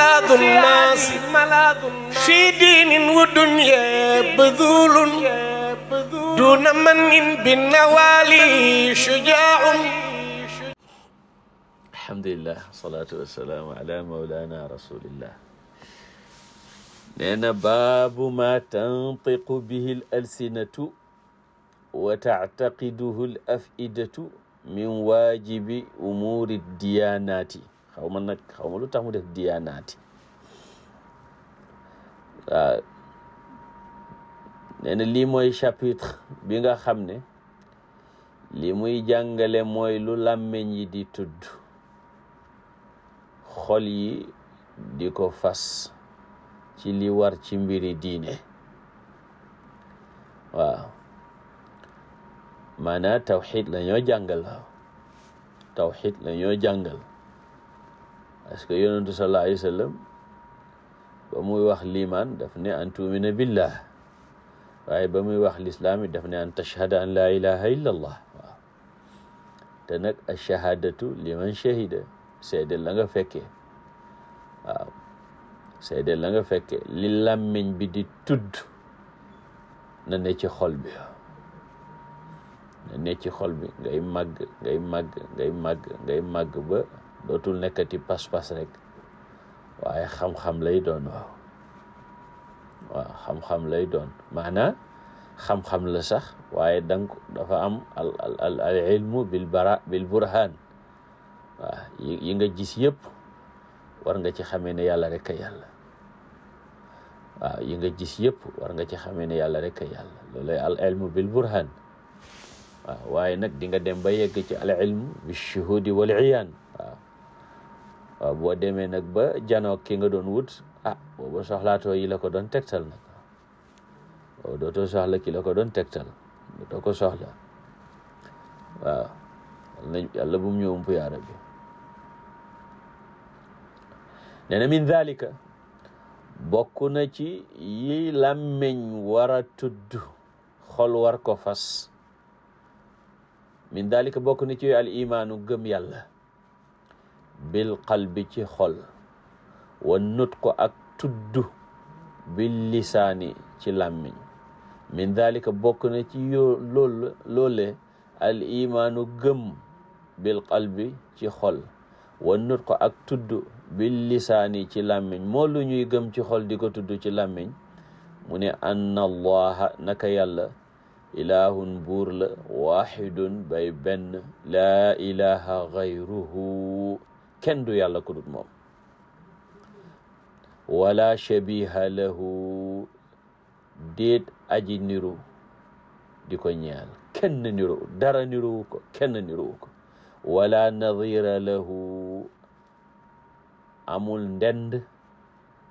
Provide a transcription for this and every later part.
ملاذ الناس في دين ودنيا بذول دون من بالنوالي شجاع الحمد لله والصلاة والسلام على مولانا رسول الله لأن باب ما تنطق به الألسنة وتعتقده الأفئدة من واجب أمور الديانات xaw ma nag xaw ma lu tax mu def diyaanaati waaw nee lii mooy chapitre bi nga xam ne lii muy jàngale mooy lu làmmiñ yi di tudd xol yi di ko fas ci li war ci mbiri diine waaw maanaa tawxid la ñoo jàngal waaw tawxid la ñoo jàngal parce que yonentu sallallahu alayhi wa ba muy wax liimaan daf ne an tuumina billah waaye ba muy wax lislaam it daf ne an tashhada an laa ilaha illa allah waaw te nag ash-shahaadatu liman shahida seedeel la nga fekkee waaw li làmmiñ bi di tudd na ne ci xol bi na ne ci bi ngay màgg ngay màgg ba dootul nekkati pas-pas rek waaye xam-xam lay doon waaw xam-xam lay doon maanaa xam-xam la sax waaye danga dafa am al al al ilmu bil bara bil burhan waaw yi nga jis yëpp war nga ci xamee ne yàlla rek a yàlla yi nga jis yëpp war nga ci xamee ne yàlla rek a yàlla loolay al ilmu bil burhan waaye nag di nga dem ba yegg ci al ilmu bi shuhudi wal iyaan waaw boo demee nag ba janoog ki nga doon wut ah booba soxlaatoo yi la ko doon tegtal nag waaw dootoo soxla ki ko doon tegtal dootoo ko soxla waaw yàlla bum mu ñu ump yaa rabbi nee na min dalika bokk na ci yi làmmeñ war a tudd xol war ko fas min dalika bokk na ci al imaanu gëm yàlla bil qalbi ci xol wa nut ko ak tudd bil lisaani ci làmmiñ min dalika bokk na ci yoo al imaanu gëm bil qalbi ci xol wa nut ko ak tudd bil lisaani ci làmmiñ moo ñuy gëm ci xol di ko tudd ci làmmiñ mu ne anna allaha naka yàlla ilaahun buur la waxidun bay benn laa ilaha gayruhu kenn du yàlla ku dut moom wala shabiha lahu déet aji niru di ko ñeel kenn niru dara niruwu ko kenn niruwu ko wala nadira lahu amul ndend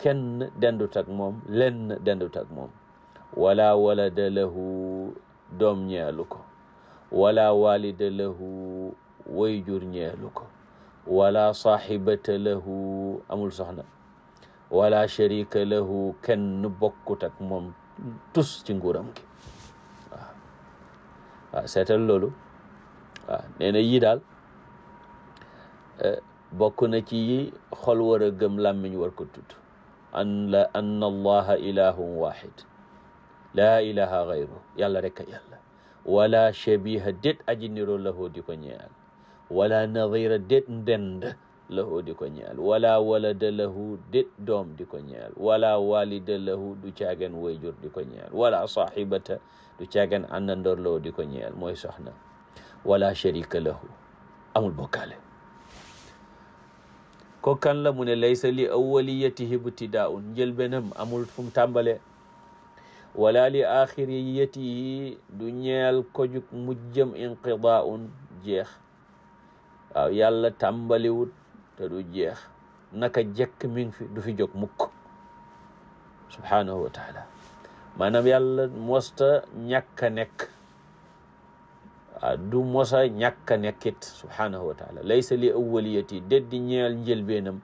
kenn dendut ak moom lenn dendut ak moom wala walada lahu doom ñeelu ko wala walida lahu wayjur ñeelu ko wala saaxibata lahu amul soxna wala sharika lahu kenn bokkut ak moom tus ci nguuram seetal loolu waaw nee na daal eh, bokk na ci yi xol war a gëm an la anna waxid laa ilaha gayru yàlla rek a yàlla wala shabiha déet aji niroo lahu di ko ñeyal wala nadira dét ndend lahu di ko ñeel wala walada lahu dét doom di ko ñeel wala walida lahu du caagan wayjur di ko ñeel wala saahibata du caagan àndandoor lahu di ko ñeel mooy soxna wala sharika lahu amul bokkaale ko kan la mu ne laysa li awwaliyatihi ibtidaa'un njëlbéenam amul fu mu tàmbale wala li axiriyatihi du ñeel ko jug mujjëm inqidaa'un jeex waaw yàlla tàmbaliwut du jeex naka jekk mi ngi fi du fi jóg mukk subhaanahu wa taala maanaam yàlla mosta ñàkk a nekk waaw du mosa ñàkk a nekkit subhaanahu wa taala laysa li awaliyati déddi ñeel njëlbeenam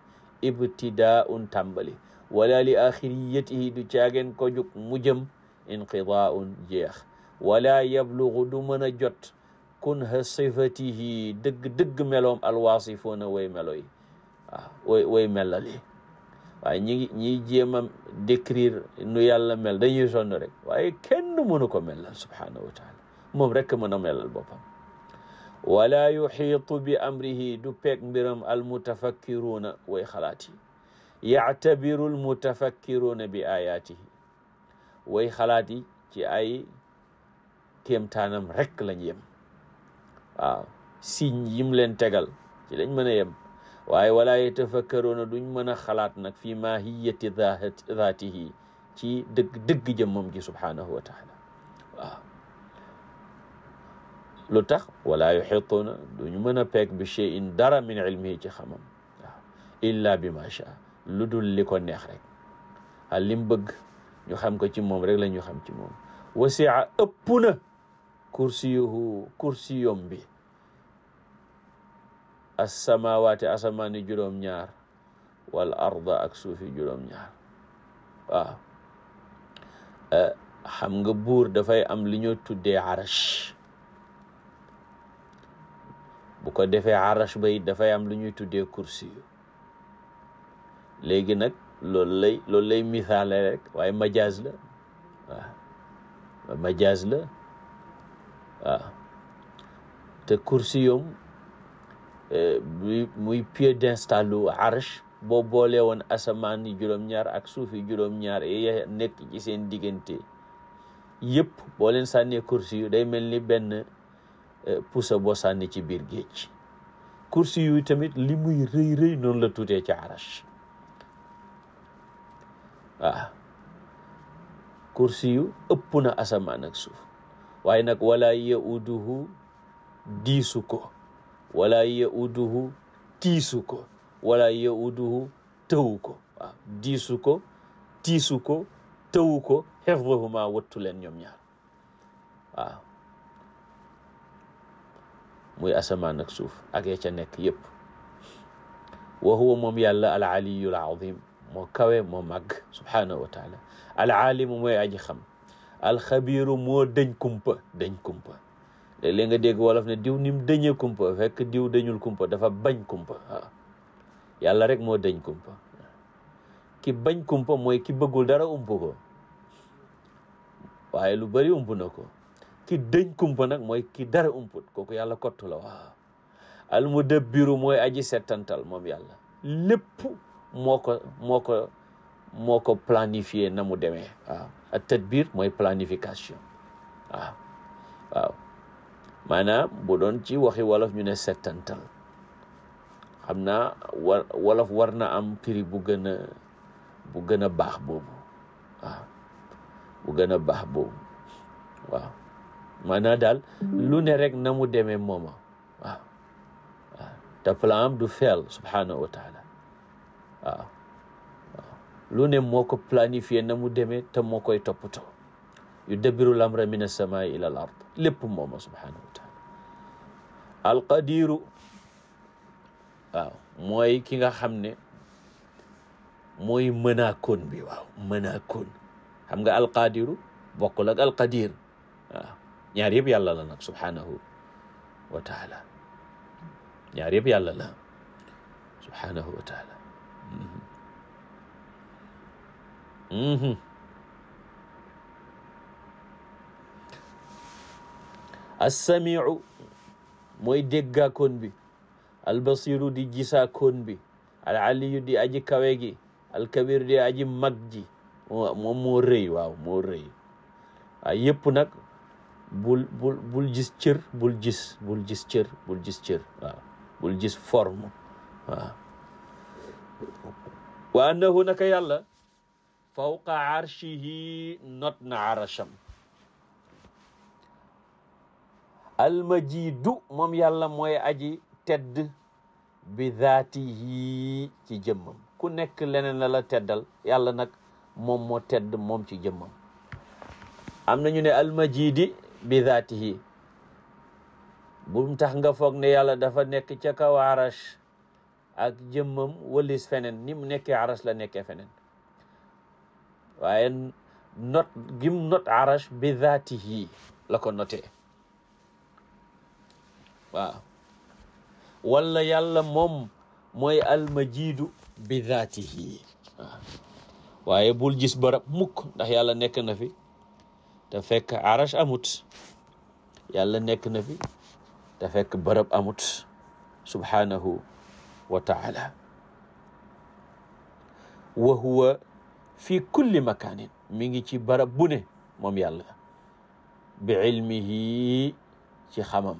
ibtidaun tàmbali wala li axiriyatihi du caageen ko jug mujjëm inqidaun jeex wala yablugu du mën jot kunha sifatihi dëgg dëgg meloom alwaasifuuna way melo yi waaw ah, way way melal yi waaye ñi ngi ñiy jéem a décrire nu yàlla mel dañuy sonn rek waaye kenn mënu ko melal subhaanahu wa taala moom rek mën a melal boppam wala yuxiitu bi amrihi du peeg mbiram almutafakkiruuna way xalaat yi yactabiru almutafakkiruuna bi ayaatihi way xalaat yi ci ay kéemtaanam rek lañ yem waaw signes yim leen tegal ci lañ mën a yem waaye walaa yatafakkaruuna duñ mën a xalaat nag fi mahiyati zaatihi ci dëgg dëgg jëmmam ji subhaanahu wa taala waaw lu tax walaa yuxituuna duñu mën a peeg bi cheyin dara min ilmihi ci xamam waaw illa bi ma sha lu dul li ko neex rek a lim bëgg ñu xam ko ci moom rek la ñu xam ci moom wasia ëpp na kursiyuhu kursiyom bi assamaawaati asamaani juróom ñaar wal arda ak suufi juróom ñaar waaw eh, xam nga buur dafay am lu ñoo tuddee arash bu ko defee arash ba dafay am lu ñuy tuddee kursiyu léegi nag loolu lay misaale rek waaye majaaz la waaw majaaz la waaw ah. te kursiyum eh, muy pied d'installu lu arsh boo boolee woon asamaan juróom-ñaar ak suuf yi juróom-ñaar yi nekk ci seen diggante yëpp boo leen sànnee kursi yu day mel ni benn eh, pusa boo sànni ci biir géej kursi yu tamit li muy rëy rëy noonu la tuutee ci arash waaw ah. kursi yu ëpp na asamaan ak suuf waaye nag wala yauduhu diisu ko wala yauduhu tiisu ko wala yauduhu tëwu ko waaw diisu ko tiisu ko tëwu ko xefdahuma wattu leen ñoom ñaar muy asamaan ak suuf ak ya ca nekk yépp wa huwa moom yàlla al aliyu al azim moo kawe moo màgg subhanahu wa taala al alimu mooy aji alxabiiru moo dëñ kumpa dëñ kumpa léeg-léeg nga dégg wolof ne diw nim dëñee kumpa fekk diw dëñul kumpa dafa bañ kumpa yàlla rek moo dëñ kumpa ki bañ kumpa mooy ki bëggul dara ump ko waaye lu bari ump na ko ki dëñ kumpa nag mooy ki dara umput kooku yàlla kottu la waaw almudabbiru mooy aji settantal moom yàlla lépp moo ko moo ko moo ko planifié na mu demee ak tadbir mooy planification ah. waaw waaw maanaam bu doon ci waxi wolof ñu ne settantal xam naa wa wolof war na am prix bu gën ah. bu gën a baax boobu waaw bu gën a baax boobu waaw maanaa daal hmm. lu ne rek na mu demee mooma waaw ah. waaw am du feel subhanahu wa waaw lu ne moo ko planifié na mu demee te moo koy toppatoo yudabbiru l-amra mina s-samaa'i ila l-ard lépp mooma subhaanahu wa taala alqadiru waaw ki nga xam ne mooy mënaakoon bi waaw mënaakoon xam nga alqadiru bokkul ak alqadir waaw ñaar yëpp yàlla la nag subhaanahu wa yëpp yàlla la taala Mm-hmm. assamiu mooy dégga kon bi albasiru di gisa kon bi alaliyu di aji kawe gi alkabir di aji mag ji moom moo rëy waaw moo rëy waaw yëpp nag bul bul bul gis cër bul gis bul gis cër bul gis cër waaw bul gis forme waaw wa annahu naka yàlla fawqa arshihi not na arasham almajidu moom yàlla mooy aji tedd bi zaatihi ci jëmmam ku nekk leneen la teddal yàlla nag moom moo tedd moom ci jëmmam am na ñu ne almajidi bi zaatihi bu tax nga foog ne yàlla dafa nekk ca kaw arash ak jëmmam wëlis feneen ni mu nekke arash la nekkee feneen waaye not gim not arash bi zaatihi la ko notee waaw wala yàlla moom mooy almajiidu bi zaatihi waaw waaye bul gis barab mukk ndax yàlla nekk na fi te fekk arash amut yàlla nekk na fi te fekk barab amut subhaanahu wa taala wa huwa fi kulli makaanin mi ngi ci barab bu ne moom yàlla bi ilmihi ci xamam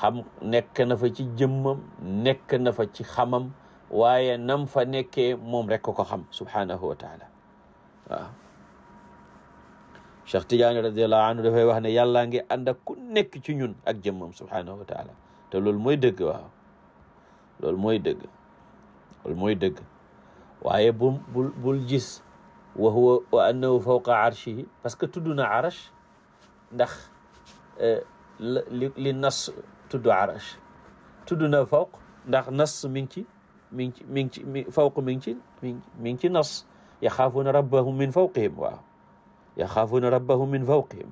xam nekk na fa ci jëmmam nekk na fa ci xamam waaye nam fa nekkee moom rek ko xam subhaanahu wa taala waaw Cheikh Tidiane radiallahu anhu dafay wax ne yàllaa ngi ànd ku nekk ci ñun ak jëmmam subhaanahu wa taala te loolu mooy dëgg waaw mooy dëgg loolu mooy dëgg waaye bul bul bul gis wa huwa wa annahu parce que tudd na arash ndax eh, li li nas tudd arash tudd na fawq ndax nas mi ngi ci mi ngi ci mi ngi ci ci mi ngi ci nas yaxaafuuna rabbahum min fawqihim waaw yaxaafuuna rabbahum min fawqihim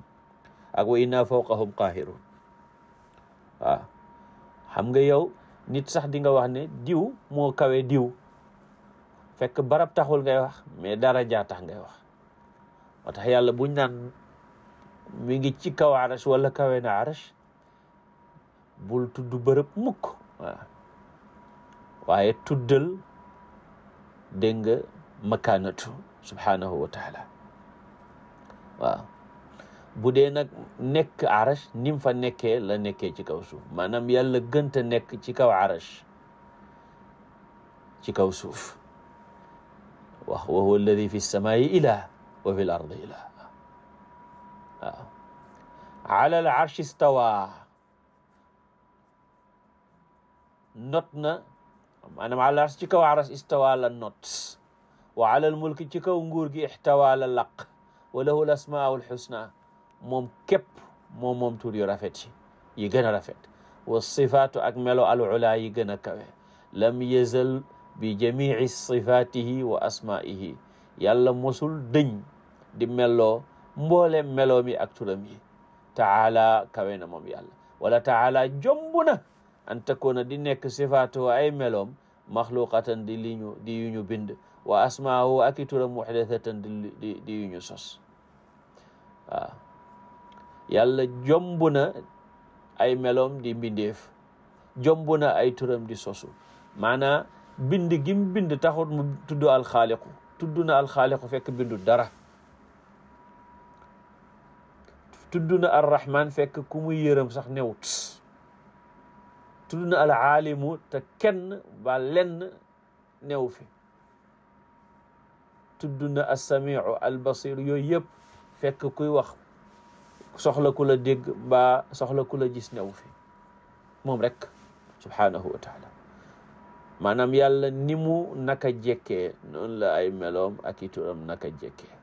ak wa inna fawqahum qahirun waaw xam nga yow nit sax dinga wax ne diw moo kawe diw fekk barab taxul ngay wax mais dara jaa tax ngay wax moo yàlla buñ naan mu ngi ci kaw arash walla kawe arash bul tudd bërëb mukk waaw waaye tuddal dégg nga makaanatu subhaanahu wa taala waaw bu dee nag nekk arash ni mu fa nekkee la nekke ci kaw suuf maanaam yàlla gënt nekk ci kaw arash ci kaw suuf wa huwa alladi fi lsamaai ilah wa fi l ardi ilah waaw ala al arshi stawa not na maanaam ala arsh ci kaw aras istawa la not wa ala al mulki ci kaw nguur gi ixtawa la laq wa lahu al asmaau al xusna moom képp moom moom tur yu rafet yi yi gën a rafet wa sifaatu ak melo al ula yi gën a kawe lam yazal bi jamii sifatihi wa asmaihi yàlla mosul dëñ di melloo mbooleem meloo mi ak turam yi taala kawe na moom yàlla wala taala jomb na an takkoona di nekk sifaatu ay meloom maxluqatan di li ñu di yu ñu bind wa asmaahu ak i turam muxdathatan di di yu ñu sos waaw yàlla jomb na ay meloom di mbindeef jomb na ay turam di sosu maanaa bind gim bind taxut mu tudd alxaaliqu tudd na alxaaliqu fekk bindu dara tudd na arrahman fekk ku muy yërëm sax newut tudd na alaalimu te kenn ba lenn new fi tudd na assamiu albasiru yooyu yëpp fekk kuy wax soxla ku la dégg soxla ku la gis new fi moom rek subhaanahu wa taala maanaam yàlla ni mu naka jekkee noonu la ay meloom ak i turam naka jekkee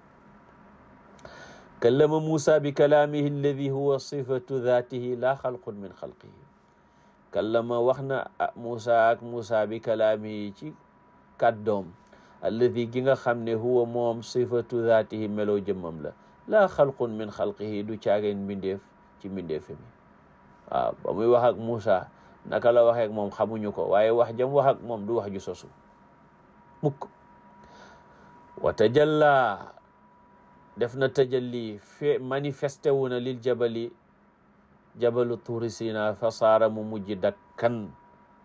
kallama Muusa bi kalaamihi alladi huwa sifatu daatihi laa xalqun min xalqihi kallama wax na Muusa ak bi kalaamihi ci kàddoom alladi gi nga xam ne huwa moom sifatu daatihi meloo jëmmam la laa xalqun min du caageen mbindeef ci mbindeefe naka la waxee ak moom xamuñu ko waaye wax jam wax ak moom du wax ju sosu mukk wa tajalla def na tajalli fe manifesté wu na lil jabali jabalu tuuri sina fa saara mu mujj dakkan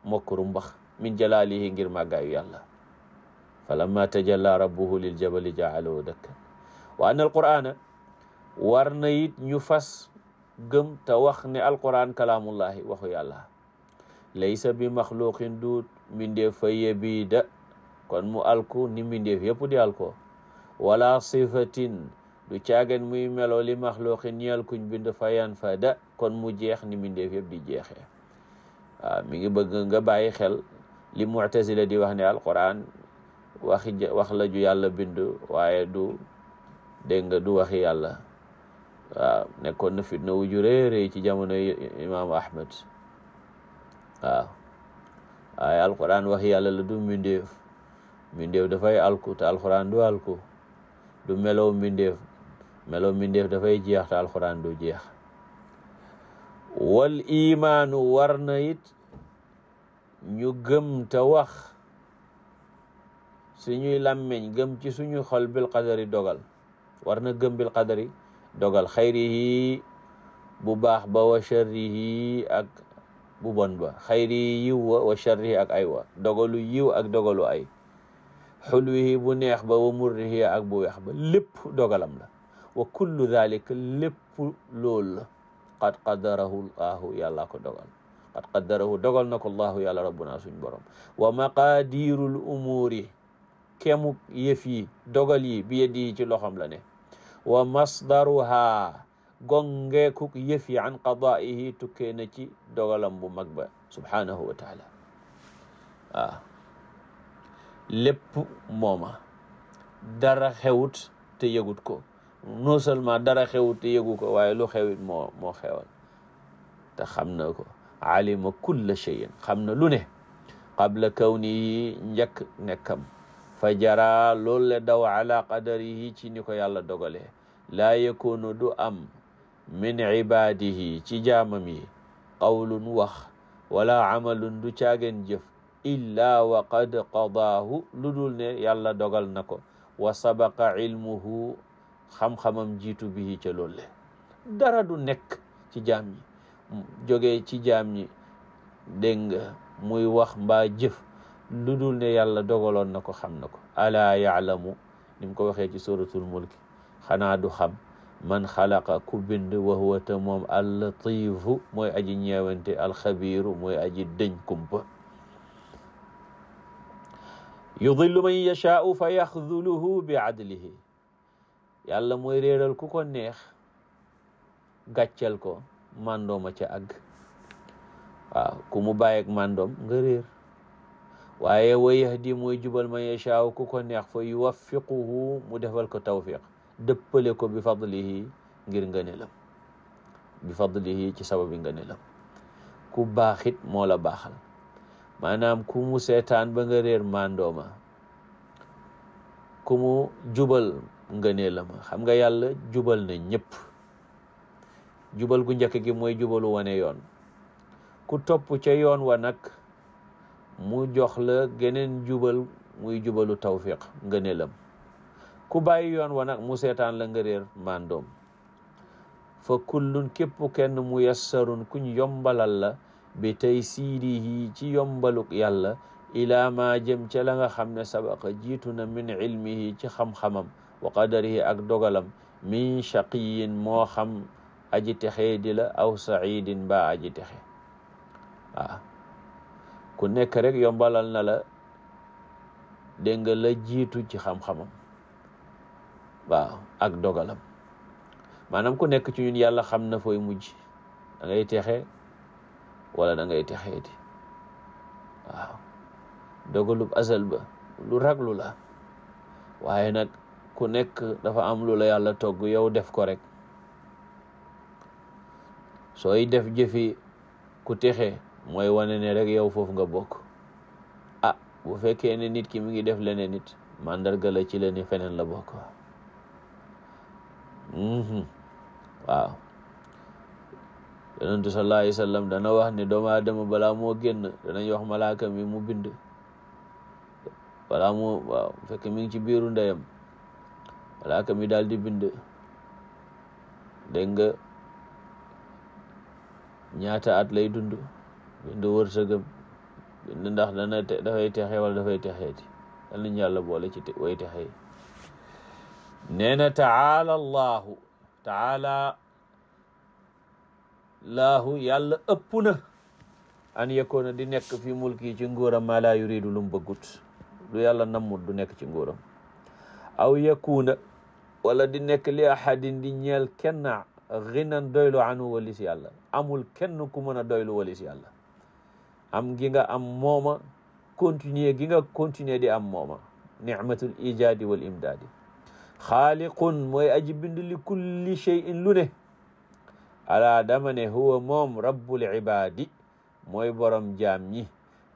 mokkuru mbax min jalaalihi ngir màggaayu yàlla falamma tajalla rabbuhu lil jabali jaalahu dakkan wa anna alqur'ana war na it ñu fas gëm te wax ne alquran kalaamullahi waxu yàlla laysa bi maxluqin duut mbindeef fa yebiida kon mu alku ni mbindeef yëpp di alko wala sifatin du caagen muy meloo li maxluqin ñeel kuñ bind fayan fada kon mu jeex ni mbindeef yëpp di jeexee waaw mi ngi bëgg nga bàyyi xel li mu'tazila di wax ne alquran waxi wax la ju yàlla bind waaye du dégg nga du waxi yàlla waaw nekkoon na fitna wu ju réeré ci jamono imaamu Ahmed waaw ah. waaye alquran wax yàlla la du mbindeef mbindeef dafay alku te alquran du alku du melow mbindeef dafay jeex te alquran du jeex wal imaanu war na it ñu gëm te wax suñuy làmmeñ gëm ci suñu xol bil qadari dogal war gëm bil qadari dogal xayrihi bu baax ba wa sharrihi bu bon ba xayri yiw wa wa charrihi ak ay wa dogalu yiw ak dogalu ay xulwihi bu neex ba wa murrihi ak bu weex ba lépp dogalam la wa kullu dalika lépp loolu la qad qadarahu llahu yàlla ko dogal qad qaddarahu dogal na ko llahu yàlla rabbuna suñ borom wa maqadirul umuuri kemuk yëf yi dogal yi bi yeddi yi ci loxam la ne wa masdaruha gongeekuk yëf yi an qadaa'ihi tukkee na ci dogalam bu mag ba subhaanahu wa taala ah. lépp mooma dara xewut te yëgut ko non seulement dara xewut te yëgu ko waaye lu xewit moo moo xewal te xam na ko alima kulla cheyin xam na lu ne qabla kawnihi njëkk nekkam fa jara loolu le daw ala qadarihi ci ni ko yàlla dogalee laa yakunu du am min ibaadihi ci jaamam yi qawlun wax wala amalun du caageen jëf illaa wa qadaahu lu dul ne yàlla dogal na ko wa sabaqa ilmuhu xam-xamam jiitu bihi ca loolu dara du nekk ci jaam joge ci jaam yi dégg nga muy wax mbaa jëf lu dul ne yàlla dogaloon na ko xam na ko alaa yaalamu ni mu ko waxee ci suratul mulki xanaa du xam man xalaqa ku bind wa huwa te moom allatifu mooy aji ñeewante alxabiiru mooy aji dëñ kumpa yudillu man yashaau fa yaxduluhu bi adlihi yàlla mooy réeral ku ko neex gàccel ko màndooma ca àgg waaw ku mu bàyyeeg màndoom nga réer waaye wa yahdi mooy jubal man yashaau ku ko neex fa yuwaffiquhu mu defal ko tawfiq dëppale ko bi fadlihi ngir ngëneelam bi fadlihi ci sababi ngëneelam ku baaxit moo la baaxal maanaam ku mu seetaan ba nga réer mandooma ku mu jubal ngëneelam xam nga yàlla jubal na ñëpp jubal gu njëkk gi mooy jubalu wane yoon ku topp ca yoon wa nag mu jox la geneen jubal muy jubalu tawfiq ngëneelam ku bàyyi yoon wana nag mu seetaan la nga réer mandoom fa kullun képp kenn mu yassarun kuñ yombalal la bi tey siirihi ci yombaluk yàlla ilaa ma jëm ca la nga xam ne sabaqa jiitu na min ilmihi ci xam-xamam wa qadarihi ak dogalam min shaqiyin moo xam aji texee di la aw saidin ba aji texe ku nekk rek yombalal na la dégg nga la jiitu ci xam-xamam waaw ak dogalam maanaam ku nekk ci ñun yàlla xam na fooy mujj da ngay texe wala da ngay texee di waaw dogalub asal ba lu raglu la waaye nag ku nekk dafa am lu la yàlla togg yow def ko rek sooy def jëfi ku texe mooy wane ne rek yow foofu nga bokk ah boo fekkee ne nit ki mu ngi def leneen nit màndarga la ci la ni feneen la bokk Mhm. waaw yonentu sallallahu dana wax ne doomu aadama balaa moo génn danañ wax malaaka mi mu bind balaa moo waaw fekk mi ngi ci biiru ndeyam malaaka mi daal di bind dégg nga ñaata at lay dund bind wërsëgam bind ndax dana dafay texee wala dafay texeeti yal nañu yàlla boole ci way texee nee na taala allaahu taala laahu yàlla ëpp na an yakoona di nekk fi mulki ci nguuram maa laa yuridu lu mu bëggut lu yàlla nammut du nekk ci nguuram aw yakuuna wala di nekk li ahadin di ñeel kenn ginan doylu anu walis yàlla amul kenn ku mën a doylu walis yàlla am gi nga am mooma continuer gi nga continuer di am mooma nicmatul ijaadi wal imdaadi xaaliqun mooy aji bind li kulli cheyin lu ne alaa dama ne huwa moom rabbul ibaadi mooy borom jaam ñi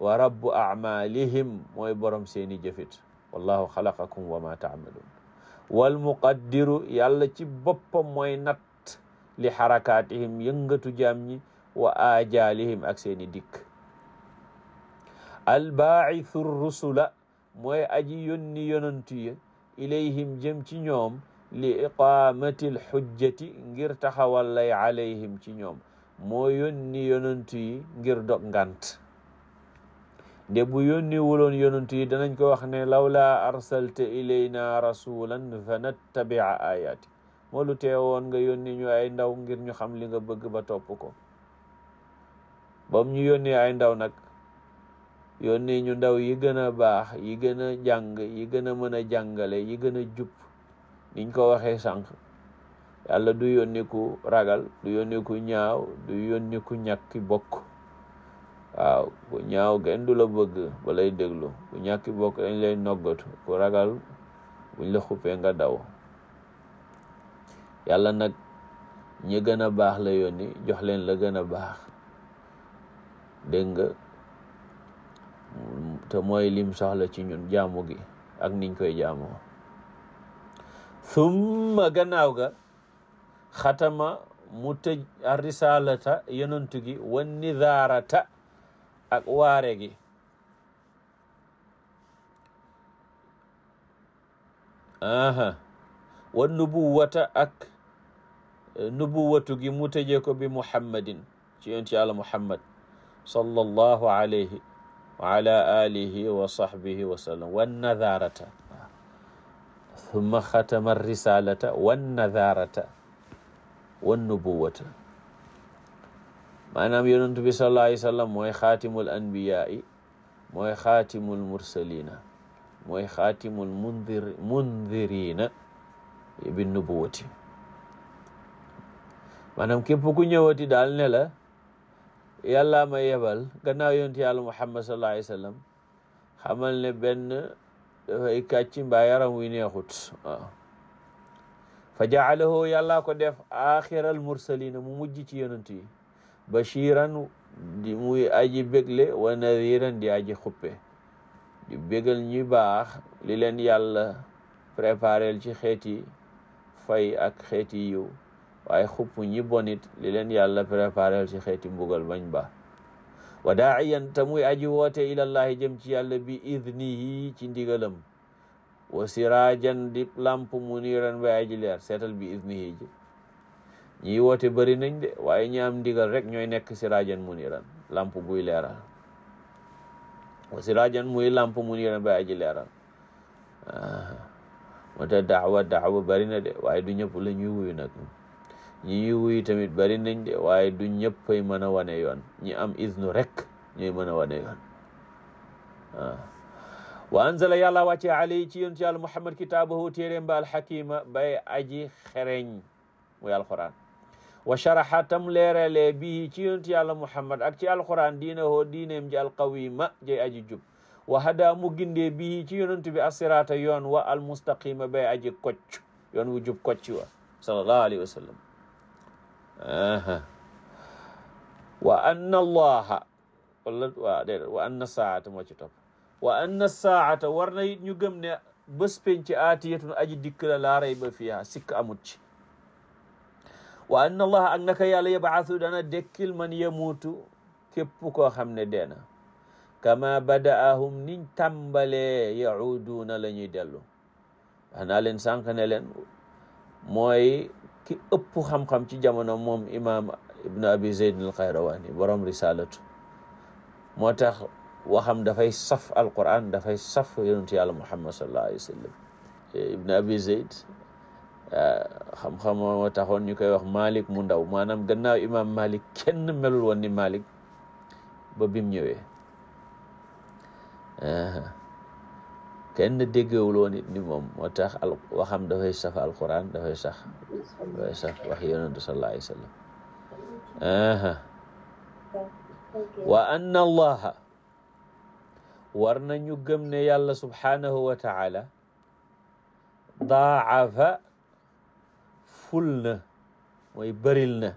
wa rabbu acmaalihim mooy borom seeni jëfit wallahu xalaqakum wa ma taamaluun wal muqaddiru yàlla ci boppam mooy natt li xarakaatihim yëngatu jaam ñi wa aajaalihim ak seeni dikk albaacitu rusula mooy aji yónni yonantu yi ilayhim jëm ci ñoom li iqaamati alxujjati ngir taxawal lay alayhim ci ñoom moo yónni yonent yi ngir dog ngant de bu yónni wuloon yonent yi danañ ko wax ne lawlaa arsalta ilayna rasulan fa nattabia ayaati moo lu teewoon nga yónni ñu ay ndaw ngir ñu xam li nga bëgg ba topp ko bam ñu yónni ay ndaw nag yónnee ñu ndaw yi gën a baax yi gën a jàng yi gën a mën a jàngale yi gën a jub niñ ko waxee sànq yàlla du yónni ku ragal du yónni ku ñaaw du yónni ku ñàkki bokk waaw ku ñaaw kenn du la bëgg ba lay déglu ku ñàkki bokk dañ lay noggatu ku ragal buñ la xuppee nga daw yàlla nag ñi gën a baax la yónni jox leen la gën a baax dégg nga te mooy lim soxla ci ñun jaamu gi ak niñ koy jaamoo thumma gannaaw ga xatama mu tëj arrisalata yonantu gi wan nidaarata ak waare gi aha wan nubuwata ak eh, nubuwatu gi mu tëjee ko bi muhammadin ci yonent yàlla muhammad sallallahu alayhi wa ala alihi wa sahbihi wa sallam wannadaarata thumma xatama risalata wannadaarata wannubuwata maanaam yonent bi sallallahu alayhi wa sallam mooy xaatimul anbiyaa'i mooy xaatimul mursalina mooy xaatimul mundir mundirina bi nubuwati maanaam képp ku ñëwati daal ne la yàllaa ma yebal gannaaw yonent yàlla muhammad sallallahu alayhi wa sallam ne benn dafay kàcc mbaa yaram wi neexut waaw fa jaalahu yàllaa ko def axiral mursalina mu mujj ci yonent yi bashiran di muy aji bégle wa nadiran di aji xuppe di bégal ñi baax li leen yàlla préparel ci xeeti fay ak xeeti yiw waaye xupp ñi bonit li leen yàlla préparel ci xeeti mbugal bañ ba wa daaiyan ta muy aji woote ilallahi jëm ci yàlla bi idnihi ci ndigalam wa siraajan di lamp mu niran bay aji leer seetal bi idnihi ji woote bëri nañ de waaye ñi am ndigal rek ñooy nekk siraajan mu niran lamp buy leeral wa siraajan muy lamp mu niran bay aji leeral moo tax daawa daawa na waaye du ñëpp la ñuy ñi yiwu yi tamit bari nañ de waaye du ñëppay mën a wane yoon ñi am iznu rek ñooy mën a wane yoon waaw wa anzala yàlla wàcce alay ci yonent yàlla muhammad kitaabahu téeréem ba alxakima bay aji xereñ muy ci yonent yàlla muhammad ak ci alquran diina hoo diineem ji alqawima jay wa mu gindee bii ci yonent bi yoon wa almustaqima bay wa anna allaha wala waaw déedéet wa anna saata moo ci topp wa anna saata war na it ñu gëm ne bés penc aatiyatun aji dikk la laa rayba fiha sikk amut ci wa anna allaha ak naka yàlla yabaathu dana dekkil man yamuutu képp koo xam ne deena kama badaahum niñ tàmbalee yacuuduuna la ñuy dellu wax naa leen mooy ki ëpp xam-xam ci jamono moom imaam ibnu abi zeyd al xayrawaani borom risalatu moo tax waxam dafay saf alquran dafay saf yonentu yàlla muhammad sallallahu alayhi wa sallam ibnu abi zeyd ah, xam moo taxoon ñu koy wax maalik mu ndaw maanaam gannaaw imaam malik kenn melul woon ni malik ba bim ñëwee ah, kenn déggewuloo nit ni moom moo tax al waxam dafay safa alquran dafay sax dafay sax wax yonentu sallallahu alayhi wa sallam wa anna allaha war nañu gëm ne yàlla subhaanahu wa taala daafa ful na mooy bëril na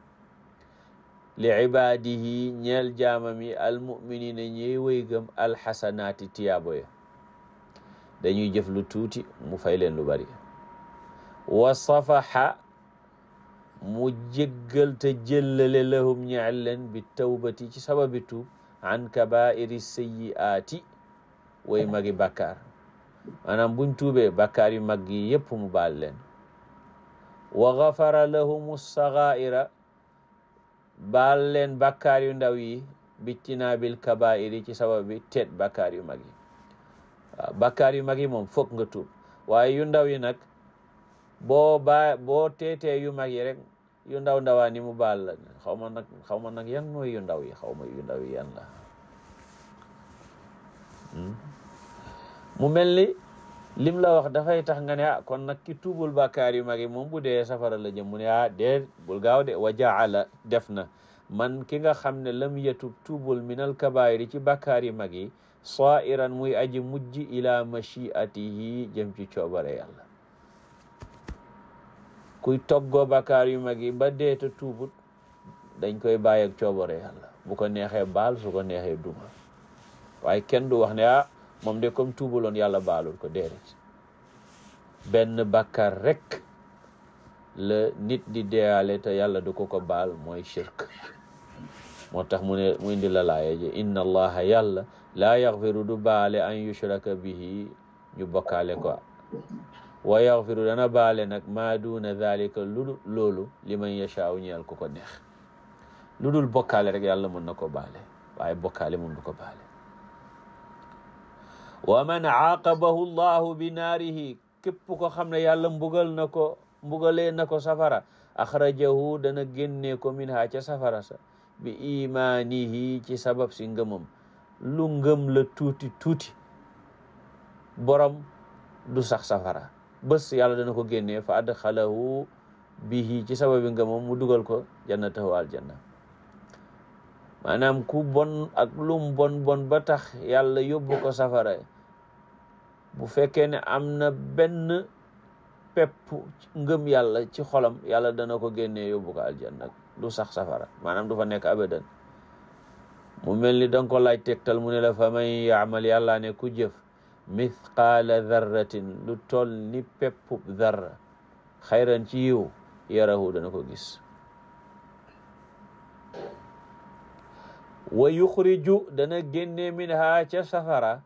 li ibaadihi ñeel jaamami almuminina ñiy wéy gëm alxasanaati tiyaabo ya dañuy jëf lu tuuti mu fay leen lu bari wa safaxa mu jéggal te jëllale lahum ñeel leen bi tawbati ci sababi tuub an kabairi sayyiaati way magi bàkkaar maanaam buñ tuubee bàkkaar yu mag yi yépp mu baal leen wa gafara lahum sagaira baal leen bàkkaar yu ndaw yi bi tinaabil kabairi ci sababi teet bàkkaar yu mag yi waaw ah, bàkkaar yu mag yi moom foog nga tuub waaye yu ndaw yi nag boo baa teetee yu mag yi rek yu ndaw ndawaan yi mu baal la xaw ma nag xaw ma nag yan mooy yu ndaw yi xaw ma yu ndaw hmm? mu mel ni lim la wax dafay tax nga ne ah, kon nag ki tuubul bàkkaar yu mag yi moom bu dee safara la jëm mu ne ah dee bul gaaw de wa jaala def na man ki nga xam ne lam yatub tuubul minal kabaayir ci bàkkaar yu mag yi sairan muy aji mujj ila machiatihi jëm ci coobare yàlla kuy toggoo bakaar yu mag yi ba dee te tuubut dañ koy bàyyi ak coobare yàlla bu ko neexee baal su ko neexee duma waaye kenn du wax ne ah moom de comme tuubaloon yàlla baalul ko déedéet benn bàkkaar rek la nit di deeyaale te yàlla du ko ko baal mooy shirk moo tax mu ne mu indi la laaya ji inna allaha yàlla laa yaxfiru du baale an yushraka bihi ñu bokkaale ko wa yaxfiru dana baale nag maa duuna dalika lu loolu liman yashaaw ñeel ku ko neex lu dul bokkaale rek yàlla mun na ko baale waaye bokkaale mën du ko baale wa man aaqabahu llahu bi naarihi képp ko xam ne yàlla mbugal na ko mbugalee na ko safara axrajahu dana génnee ko min ha ca safara sa bi imaanihi ci sabab si ngëmam lu ngëm la tuuti tuuti borom du sax safara bés yàlla dana ko génnee fa adxalahu bihi ci sababi ngëmam mu dugal ko jannatahu aljanna maanaam ku bon ak lum bon bon ba tax yàlla yóbbu ko safara bu fekkee ne am na benn pepp ngëm yàlla ci xolam yàlla dana ko génnee yóbbu ko aljanna du sax safara maanaam du fa nekk abadan mu mel ni danga ko laaj tegtal mu ne la fa man yaamal yàlla ne ku jëf mithqaala lu toll ni peppub darra xayran ci yiw yarahu dana ko gis wa yuxriju dana génne minha ca safara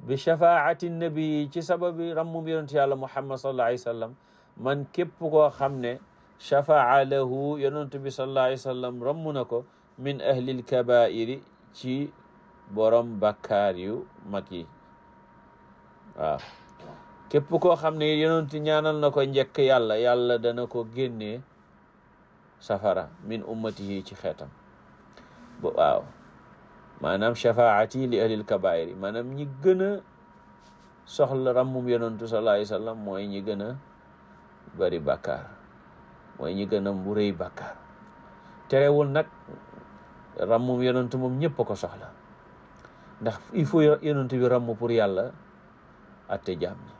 bi shafaati nabii ci sababi rammum yonent yàlla muhammad sallallahu alayhi sallam man képp koo xam ne shafaa lahu yonent bi sallallahu alayhi sallam na ko min ahlil kabairi ci borom bakkaar yu mag yi waaw képp koo xam ne yonent ñaanal na ko njëkk yàlla yàlla dana ko génnee safara min ummatihi ci xeetam waaw maanaam shafaati li ahlil kabairi maanaam ñi gën a soxla ràmmum yonentu sallallahu alayhi wasallam mooy ñi gën a bari bakkaar mooy ñi gën a mburéy bakkaar ràmmum yonent moom ñëpp a ko soxla ndax il faut yonent bi ràmm pour yàlla atte jaam ñi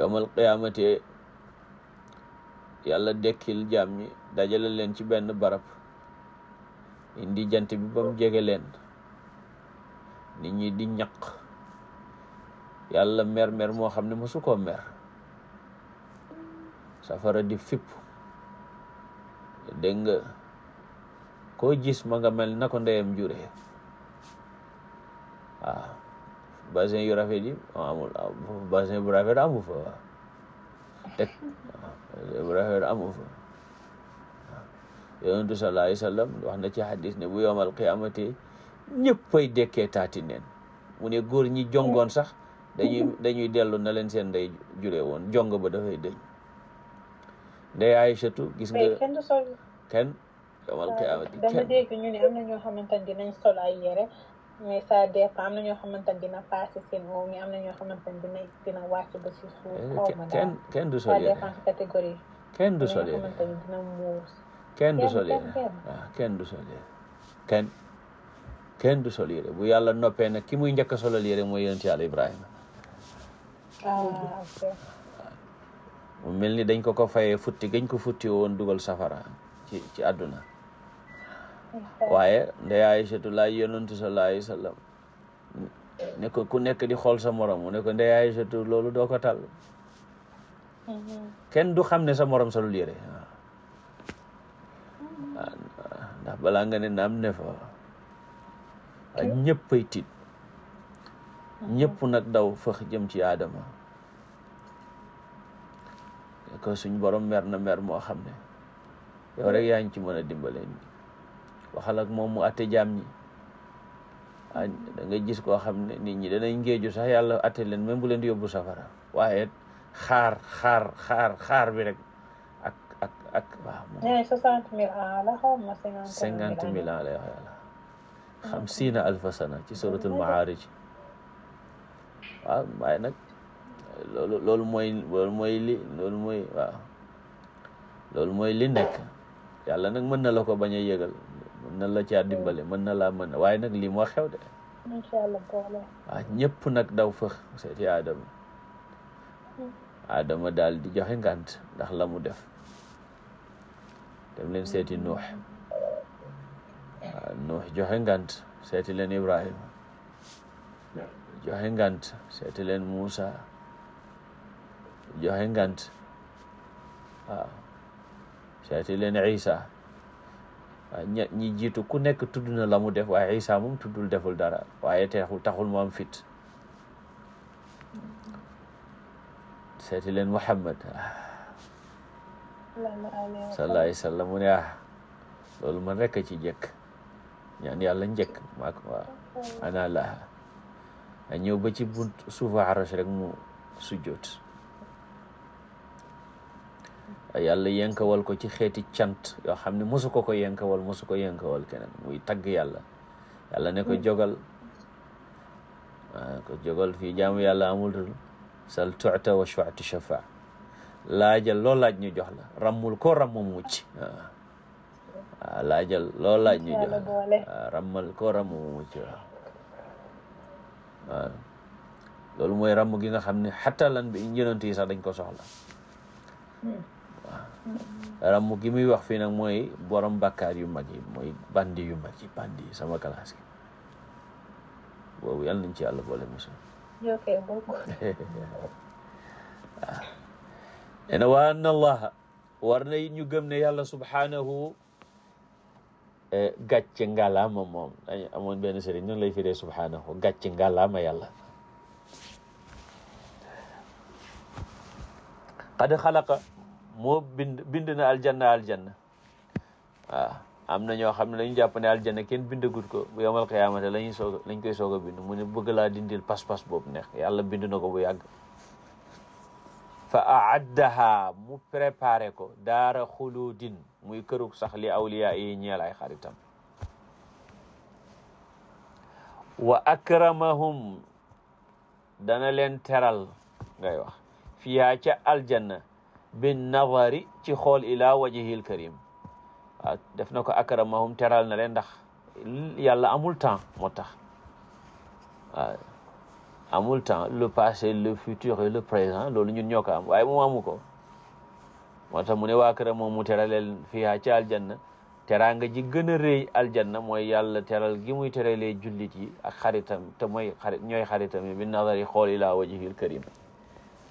yawmal qiyaamati yàlla dekkil jaam ñi dajale leen ci benn barab indi jant bi ba mu jege leen nit ñi di ñaq yàlla mer-mer moo xam ne mosu koo mer safara di fipp dégg koo gis ma mel na ko ndeyam jure ah, basin yu rafet yi ah, basin bu rafet amu fa waaw teg ah, basin bu rafet amu fa yonentu wax na hadis ne bu yowmal qiyaamati ñëppay dekkee taati neen mu ne góor ñi jongoon sax dañuy dañuy dellu na leen seen ndey jure woon jong ba dafay dëñ ndey Aïchatu gis nga kenn yawmal ah, qiyaamati dama dégg ñu ne am na ñoo xamante ne dinañ sol ay yére mais ça dépend am na ñoo xamante ne dina passé seen oom mais am na ñoo xamante ne dina dina wàcc ba si suuf. Eh, xaw ma daal kenn kenn du sol yére ça dépend si catégorie. kenn du sol yére am na ñoo xamante ne dina muur. kenn du sol yére waaw kenn du sol yére kenn kenn du sol yére bu yàlla noppee nag ki muy njëkk a solal yére mooy yonent yàlla Ibrahima. ah mu mel ni dañ ko ko fayee futti gañ ko futti woon dugal safara ci ci àdduna. waaye nday Aysatu laaj yonantu sa alayhi wa sallam ne ko ku nekk di xool sa morom mu ne ko nday Aysatu loolu doo ko tal kenn du xam ne sa moroom sa lu yére ndax balaa nga ne naam ne fa waaye ñëppay tiit ñëpp nag daw fëx jëm ci aadama ko suñ borom mer na mer moo xam ne yow rek yaa ngi ci mën a dimbale waxalak moom mu atte jaam ñi gis koo xam ne nit ñi danañ ngéeju sax yàlla atte leen même bu leen di yóbbu safara waaye xaar xaar bi rek ak ak ak waaw moom soixante mille ans la alfa sana ci suratul maarij waaw nag loolu mooy loolu mooy li loolu yàlla nag mën na la ko bañ a yëgal mën na la caa hmm. dimbale mën na laa mën waaye nag lii moo xew de incha allah ah, nag daw fëx seeti aadama aadama hmm. daal di joxe ngànt ndax la mu def dem leen seeti hmm. nuux waaw ah, nuux joxe ngànt seeti leen ibrahima joxe ngànt seeti leen muusa joxe ngànt waaw ah, seeti leen isa ñi jiitu ku nekk tudd na la mu def waaye Isa moom tuddul deful dara waaye teexul taxul mu am fit seeti leen Muhammad sallallahu alayhi wa sallam mu ne ah, loolu man rekk ci jëkk ñaan yàlla njëkk maak waa ana laha a ñëw ba ci bunt suufu arash rek mu sujjoot yàlla yenkawal ko ci xeeti cant yoo xam ne mosu ko ko yenkawal mosu ko yenkawal keneen muy tagg yàlla yàlla ne ko hmm. jogal ko jogal fii jaamu yàlla amul dul sal tuta wa shuatu shafa laajal loo laaj ñu jox la rammul ko ramm mucc waaw laajal loolu mooy ramm gi nga xam ne xatta lan bi yonent yi sax dañ ko soxla hmm. ramm gi muy wax fii nag mooy borom bakkaar yu mag yi mooy bandi yu mag bandi sama classe gi boobu yàlla nañ ci yàlla boole mosul nee na wa anna allaha war na ñu gëm ne yàlla subhaanahu e, gàcce ngalaama moom dañ amoon benn sëriñ ñun lay firee subhaanahu gàcce ngalaama yàlla moo bind bind na aljanna aljanna waaw am na ñoo xam ne lañu jàpp ne aljanna kenn bindagut ko bu yomal xiyaamate lañuy soog lañ koy soog a bind mu ne bëgg laa dindil pas-pas boobu neex yàlla bind na ko bu yàgg fa aaddaha mu préparé ko daara xuludin muy kërug sax li awliya yi ñeel ay xaritam wa akramahum dana leen teral ngay wax fiyaa ca aljanna bin nazari ci xool ila wajhil karim waaw def na ko akramahum teral na leen ndax yàlla amul temps moo tax amul temps le passé le futur et le présent loolu ñun ñoo ko am waaye moom amu ko moo tax mu ne waa këram moom mu teraleel fiihaa ci aljanna teraanga ji gën a rëy aljanna mooy yàlla teral gi muy teralee jullit yi ak xaritam te mooy xarit ñooy xaritam yi bi nazari xool ilaa wajhil karim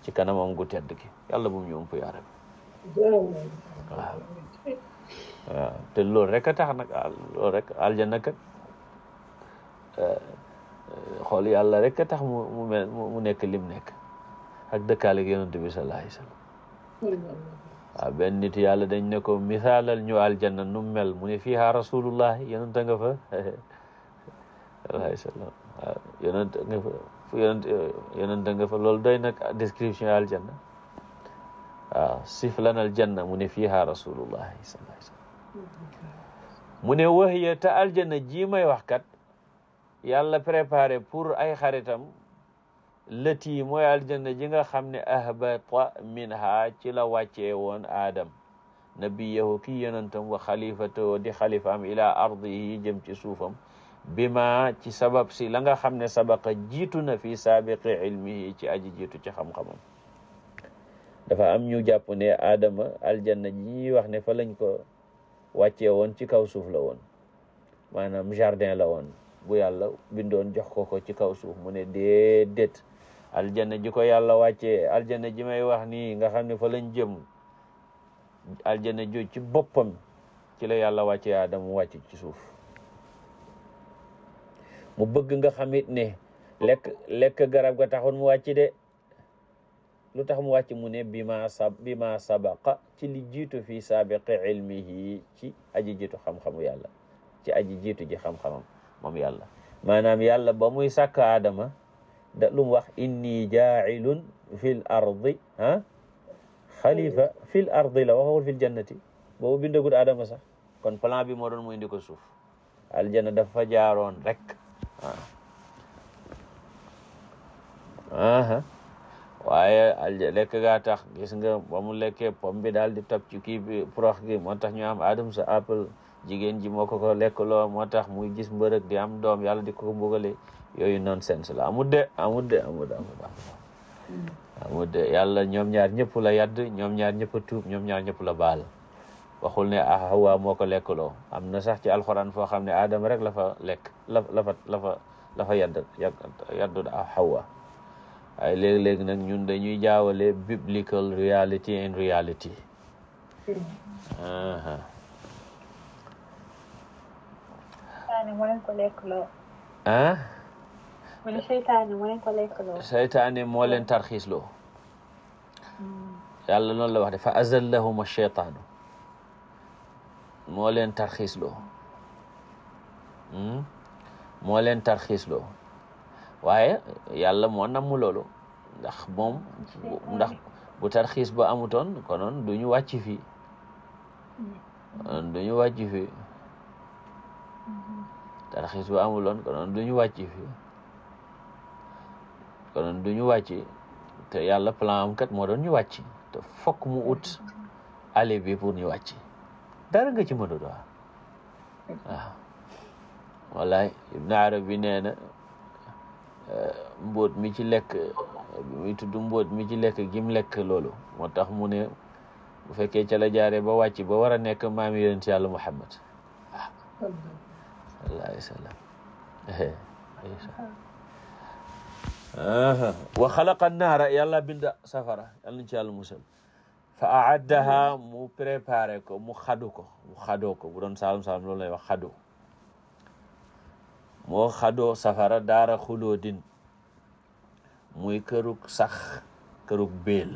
ci kanamam gu tedd dëkk yàlla bu mu ñu ëmp yaa rabbi waaw waaw loolu rek a tax nag ah, loolu rek aljanna kat eh, xool yàlla rek tax mu mu li mu nekk lim nekk ak dëkkaale gi yonent bi sallallahu alayhi wasallam waaw benn nit yàlla dañ ne ko misaalal ñu aljanna nu mel mu ne fiihaa rasulullah yonent nga fa sallallahu alayhi wasallam waaw yonent nga fa yonent nag description aljanna waaw sif lana aljanna mu ne fiiha rasulullahi sallallahu mu ne waxiya te aljanna ji may wax kat yàlla préparé pour ay xaritam lëtii mooy aljanna ji nga xam ne ahbata minha ci la wàccee woon aadam nabiyahu kii yonentam wa di xalifam ila ardihi jëm ci suufam bima ci sabab si la nga xam ne sabaqa jiitu na fi saabiqi ilmihi ci aji jiitu ci xam-xamam dafa am ñu jàpp ne aadama aljanna ji ñuy wax ne fa lañ ko wàccee woon ci kaw suuf la woon maanaam jardin la woon bu yàlla bindoon jox ko ko ci kaw suuf mu ne déedéet aljanna ji ko yàlla wàccee aljanna ji may wax nii nga xam ne fa lañ jëm aljanna jooju ci boppam ci la yàlla wàccee aadama wàcc ci suuf mu bëgg nga xamit ne lekk garab ga taxoon mu wàcc de lu tax mu wàcc mu ne bi ma bi ma sabaqa ci li jiitu fii sabiqi ilmihi ci aji jiitu xam-xamu yàlla ci aji jiitu ji xam-xamam moom yàlla maanaam yàlla ba muy sàkk aadama da lu mu wax inni jaa'ilun fil ardi ah xalifa fil ardi la waxawul fil jannati boobu bindagul aadama sax kon plan bi moo doon mu indi ko suuf aljanna dafa jaaroon rek waaw waaye lekk gaa tax gis nga ba mu lekkee pom bi daal di topp ci kii bi prox gi moo tax ñu am adam sa apple jigéen ji moo ko ko lekk loo moo tax muy gis mbërëg di am doom yàlla di ko mbugale yooyu nonsense la amut de amut de amut hmm. yàlla ñoom ñaar ñëpp la yadd ñoom ñaar ñëpp a tuub ñoom ñaar ñëpp la baal waxul ne ah Hawa moo ko lekkaloo am na sax ci alxuraan foo xam ne Adama rek la fa lekk la la fa la fa la fa yadd yaddu ah Hawa waaye léegi-léegi nag ñun dañuy jaawale biblical reality and reality ah seytaane moo leen tarxiisloo hmm. yàlla noonu la wax de fa azallahuma cheytaanu moo leen tarxiisloo hmm? moo leen tarxiisloo waaye yàlla moo namm loolu ndax moom ndax bu tarxiis ba amutoon konoon du ñu wàcc fii du ñu wàcc fii tarxiis ba amuloon konoon du ñu wàcc fii konoon du ñu wàcc te yàlla plan am kat moo doon ñu wàcc te fokk mu ut ale bi pour ñu wàcc per nga ci mënul waaw ah. waaw wallaay Ibn Arabi nee na eh, mbóot mi ci lekk mi tudd mbóot mi ci lekk gim lekk loolu moo tax mu ne bu fekkee ca la jaaree ba wàcc ba war a nekk maami yonent yàlla Muhammad waaw ah. wallaay salaam ah. wa xalaqa naara yàlla binda safara yàlla nañ ci yàlla musal fa aaddaha mu préparé ko mu xadu ko mu xadoo ko bu doon saalum saalum loolu lay wax xadu moo xadoo safara daara xulóodin muy kërug sax kërug béel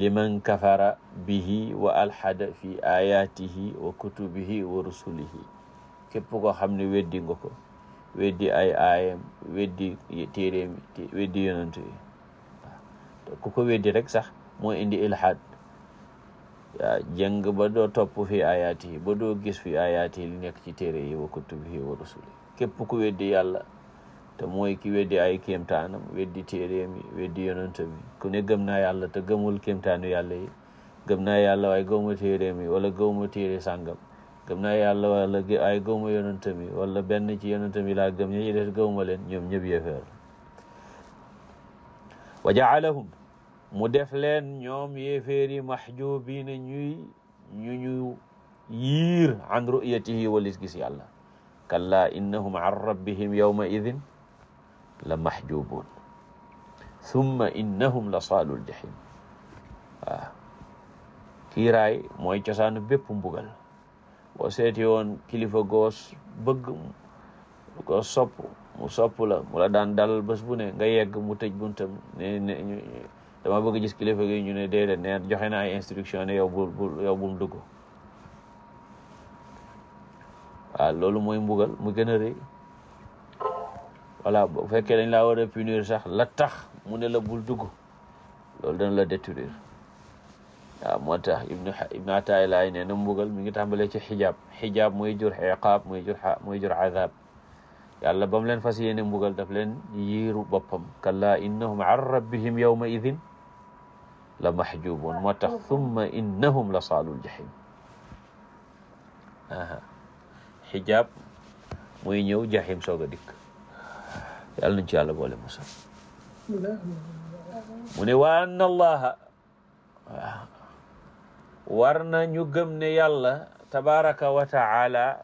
liman kafara bihi wa alxada fi ayatihi wa kutubihi wa rusulihi képp koo xam ne weddi nga ko weddi ay aayam weddi téeréem weddi yonent yi ko weddi rek sax moo indi ilhaad waaw ah, jëng ba doo topp fi ayaat yi ba doo gis fi ayaat yi nekk ci téere yi wa kutubihi wa rusuli képp ku weddi yàlla te mooy ki weddi ay kéemtaanam weddi téereem yi weddi yonentam yi ku ne gëm na yàlla te gëmul kéemtaanu yàlla yi gëm naa yàlla waaye gëmuma téereem yi wala gëmuma téere sàngam gëm naa yàlla wala ay gëmuma yonentam yi wala benn ci yonentam yi laa gëm ña ci des gëmuma leen ñoom ñëpp yéefeer wa jaalahum mu def leen ñoom yéeféeri mahjubiina ñuy ñu ñu yiir an ru'yatihi walis gis yàlla kalla innahum an rabbihim yawma idin la mahjubuun thumma innahum la saalul jahim waaw kiiraay mooy cosaanu bépp mbugal boo seeti woon kilifa goos bëgg ko sopp mu sopp la mu la daan dalal bés bu ne nga yegg mu tëj buntam ne ne dama bëgg gis kilifa gi ñu ne déedéet neen joxe na ay instruction ne yow bul bul yow bul dugg waaw loolu mooy mbugal mu gën a rëy voilà bu fekkee dañ laa war a punir sax la tax mu ne la bul dugg loolu dana la détruire waaw moo tax ibnu ibnu ataay laay nee na mbugal mi ngi tàmbalee ci xijaab xijaab mooy jur iqaab mooy jur mooy jur azab yàlla ba mu leen fas yéene mbugal daf leen yiiru boppam kalla innahum an rabbihim yawma idin la mahjubun moo tax thumma innahum la saalul jahim aha xijaab muy ñëw jahim soog a dikk yàlla nañ ci yàlla boole musal mu ne wa anna allaha waaw war na ñu gëm ne yàlla tabaraka wa taala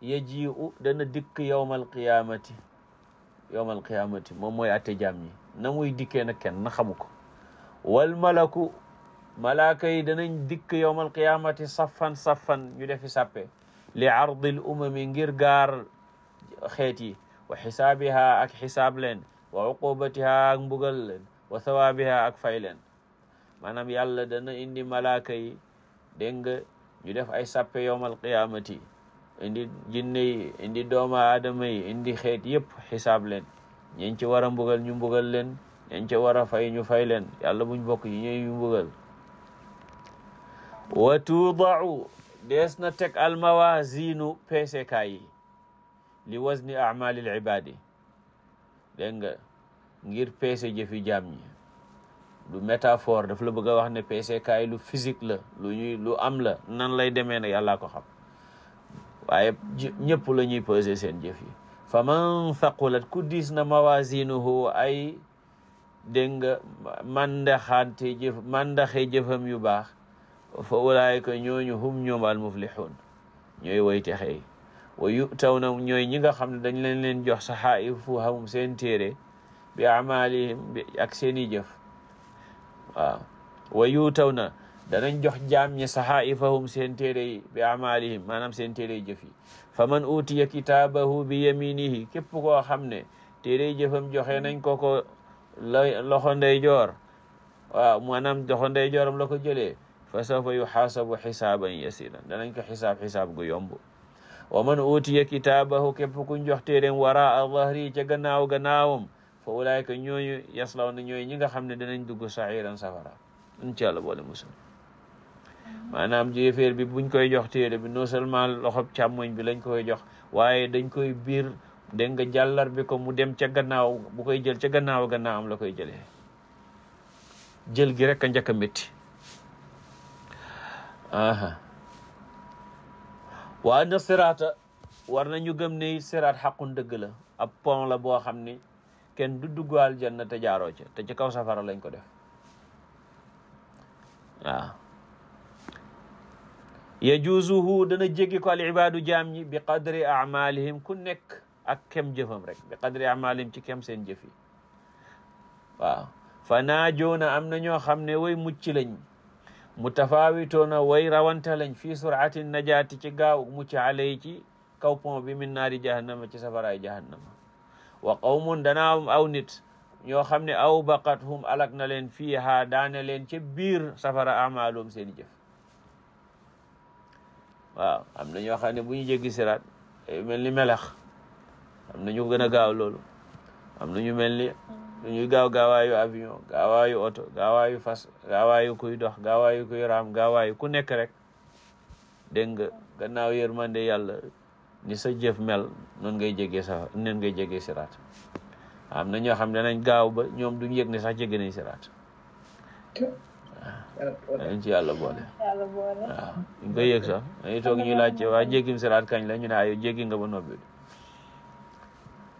yaji'u dana dikk yowma alqiyaamati yowma alqiyaamati moom mooy atte jaam ñi na muy dikkee na kenn na xamu ko wal malaku malaaka yi danañ dikk yowmal qiyaamati saffan saffan ñu defi sàppe li ardil umami ngir gaar xeet yi wa xisaabiha ak xisaab leen wa uqubatiha ak mbugal leen wa thawaabiha ak fay leen maanaam yàlla dana indi malaaka yi dégg nga ñu def ay sàppe yowmal qiyaamati indi jinne yi indi doomu aadama yi indi xeet yëpp xisaab leen ñeen ci war a mbugal ñu mbugal leen ñañ ca war fay ñu fay leen yàlla buñ bokk yi ñu yu mbugal wa tuudau dees na teg almawasinu peesekaay yi li wazni amalil ibadi dégg nga ngir pese jëfi jaam ñi du métaphore daf la bëgg a wax ne peesekaay lu physique la lu am la nan lay demee ne yàllaa ko xam waaye la ñuy peser seen jëf fa man thaqulat ku diis na mawasinuhu ay dégg nga mandaxante jëf mandaxe jëfam yu baax fa ulaayika ñooñu hum ñoom almuflixuun ñooy way texe yi wa yutawna ñooy ñi nga xam ne dañ leen leen jox saxaa'ifuhum seen téere bi amaalihim bi ak seen i jëf waaw wa yutawna danañ jox jaam ñi saxaa'ifahum seen téere yi bi amaalihim maanaam seen téere jëf yi fa man utiya kitaabahu bi yaminihi képp koo ne téere jëfam joxe nañ ko la loxo ndeyjoor waaw maanaam loxo ndeyjooram la ko jëlee fa sawfa yuxaasabu xisaaban yasiran danañ ko xisaab xisaab gu yomb wa man utiya kitaabahu képp ku jox téeréem waraa dhahri ca gannaaw gannaawam fa ulaayka ñooñu yaslaw na ñooyu ñi nga xam ne danañ dugg saxiran safara incha allah boole musul maanaam jéeféer bi buñ koy jox téere bi non seulement loxob càmmoñ bi lañ koy jox waaye dañ koy biir dégg nga jàllar bi ko mu dem ca gannaaw bu koy jël ca gannaaw gannaaw am la koy jëlee jël gi rek a njëkk a métti aha waa na siraata war nañu gëm ne siraat xaqun dëgg la ab pont la boo xam ni kenn du dugg aljanna te jaaroo ca te ci kaw safara lañ ko def waaw yajuuzuhu dana jéggi ko al ibaadu jaam ñi bi qadri amalihim ku nekk ak kem jëfam rek bi qadri ci kem seen jëf yi am na ñoo xam ne way mucc lañ mutafaawitoona way rawante lañ fii surati najaati ci gaaw mucc alay ci kaw pont bi min naari jahannama ci safaraay jahannama wa qawmun danaa am aw nit ñoo xam ne aw baqat hum alak na leen fii haa daane leen ca biir safara amaalum seen jëf waaw am na melax am na ñu gën a gaaw loolu am na ñu mel ni ñuy gaaw gaawaayu avion gaawaayu oto gaawaayu fas gaawaayu kuy dox gaawaayu kuy raam gaawaayu ku nekk rek dégg nga gannaaw yërmande yàlla ni sa jëf mel noonu ngay jege sa noonu ngay jege siraat am na ñoo xam ne danañ gaaw ba ñoom duñ yëg ne sax jege nañ siraat waaw ci yàlla boole waaw ñu koy yëg waa jéggim kañ la ñu ne ayo jéggi nga ba noppi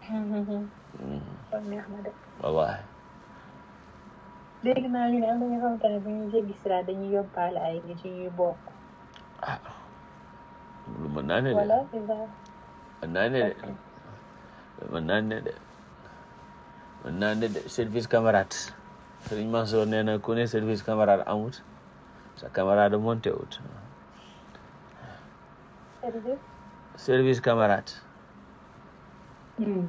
kon neex na de. waaw. léegi naa ñu ne am na ñoo xamante ne bu ñu jéggi sira dañuy yóbbaale ay nit yi ñuy bokk. ah mën naa de. mën naa de service camarade. Sëriñ Mansour nee na ku service camarade amut sa camarade monté wut. service. service camarade. Mm.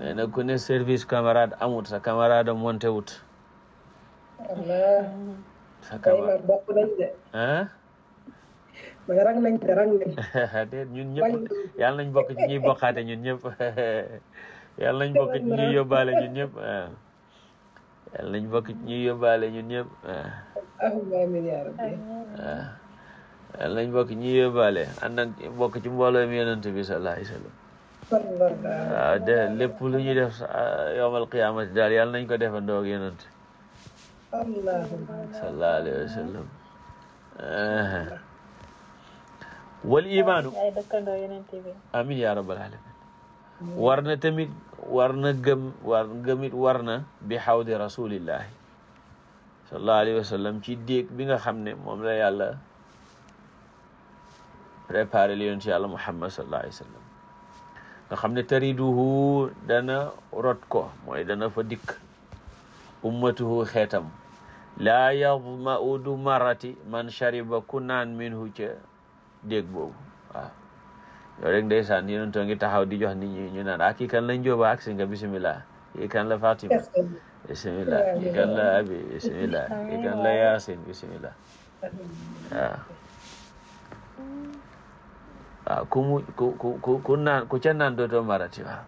nee na ku ne service camarade amut sa camarade monté wut. sa camarade bokk nañ de. ah. mais nañ de rang nañ. ñun ñëpp yàlla nañ bokk ci yàlla nañ bokk ñu ñuy ñun ñëpp waaw. yàlla nañ bokk ñu ñuy yóbbaale ñun ñëpp waaw. amiin nañ bokk ci ñuy yóbbaale ànd ak bokk ci mbooloo mi yonent bi sallallahu alayhi wa waaw ah, de lépp lu ñu def ah, yowmal qiyaamati daal yàlla nañ ko defandoo ak yonent sallallahu alayhi wa sallam ah. wal imaanu amin ya rabbal alamin war na tamit war na gëm war gëmit war na bi xawdi rasulillahi sallallahu alayhi wa sallam ci déeg bi nga xam ne moom la yàlla préparé li yonent yàlla muhammad sallallahu alayhi wa sallam nga ne tariduhu dana rot ko mooy dana fa dikk ummatuhu xeetam laa yadmau du marati man shariba ku naan minhu ngi taxaw di jox nit ñu naan ah, kan lañ jóoba nga bisimilah kii la Fatima bisimilah la Yaasin bisimilah Ah, ku ku ku ca naan dootoo marati waaw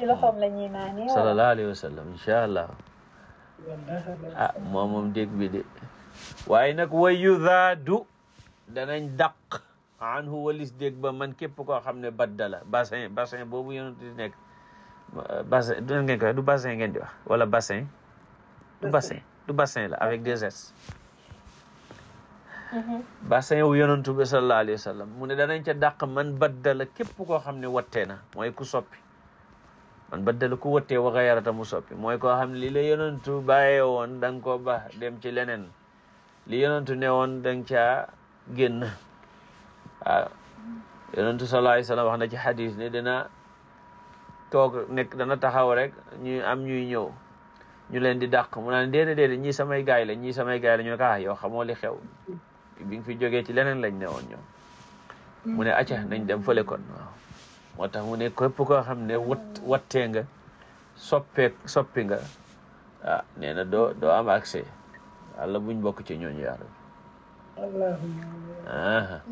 ci alayhi wa sallam incha allah ah moom moom dégg bi de waaye nag wa yudaadu danañ dàq anhu walis dégg ba man képp koo xam ne baddala bassin bassin boobu yonent di nekk bassin du bassin ngeen di wax wala bassin du bassin la avec des Mm-hmm. bassin wu yonantu bi sallallahu alayhi wa mu ne danañ ca dàq man baddala képp koo xam ne wattee na mooy ku soppi man baddala ku wattee wa gayarata mu soppi mooy koo xam ne li la yonantu bàyyee woon da nga ko ba dem ci leneen li yonantu ne woon da ca caa génn waaw yonantu sallallahu alayhi wa sallam wax na ci xadis ne dana toog nekk dana taxaw rek ñu am ñuy ñëw ñu leen di dàq mu naan déedéet déedéet ñii samay gaay la samay gaay la ñu ne ko ah xew bi nga fi jógee ci leneen lañ newoon ñoom mu ne acca nañ dem fële kon moo tax mu ne képp koo xam ne wat wattee nga soppee soppi nga ah nee na doo doo am accès walla buñ bokk ci ñooñu yàlla bi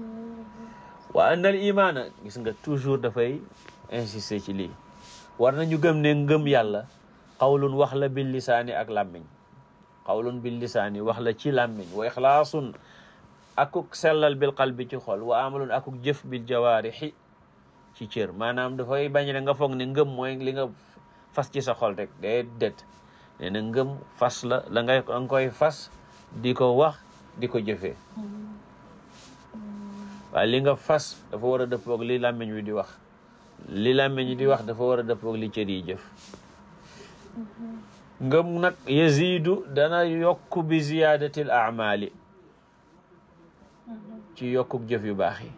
wa annal imaana gis nga toujours dafay insister ci lii war nañu gëm ne ngëm yàlla xawlun wax la bil ak làmmiñ xawlun bil lisaani la ci làmmiñ wa ixlaasun akuk sellal bil qalbi ci xol wa amalun akuk jëf bil jawaarixi ci cër maanaam dafay bañ ne nga foog ne ngëm mooy li nga fas ci sa xol rek day det nee ngëm fas la la ngay nga koy fas di ko wax di ko jëfee waaye li nga fas dafa war a dëppoog li làmmiñ wi di wax li làmmiñ wi di wax dafa war a dëppoog li cër yi jëf ngëm nag yazidu dana yokk bi ziyaadatil amali ci yokkuk jëf yu baax yi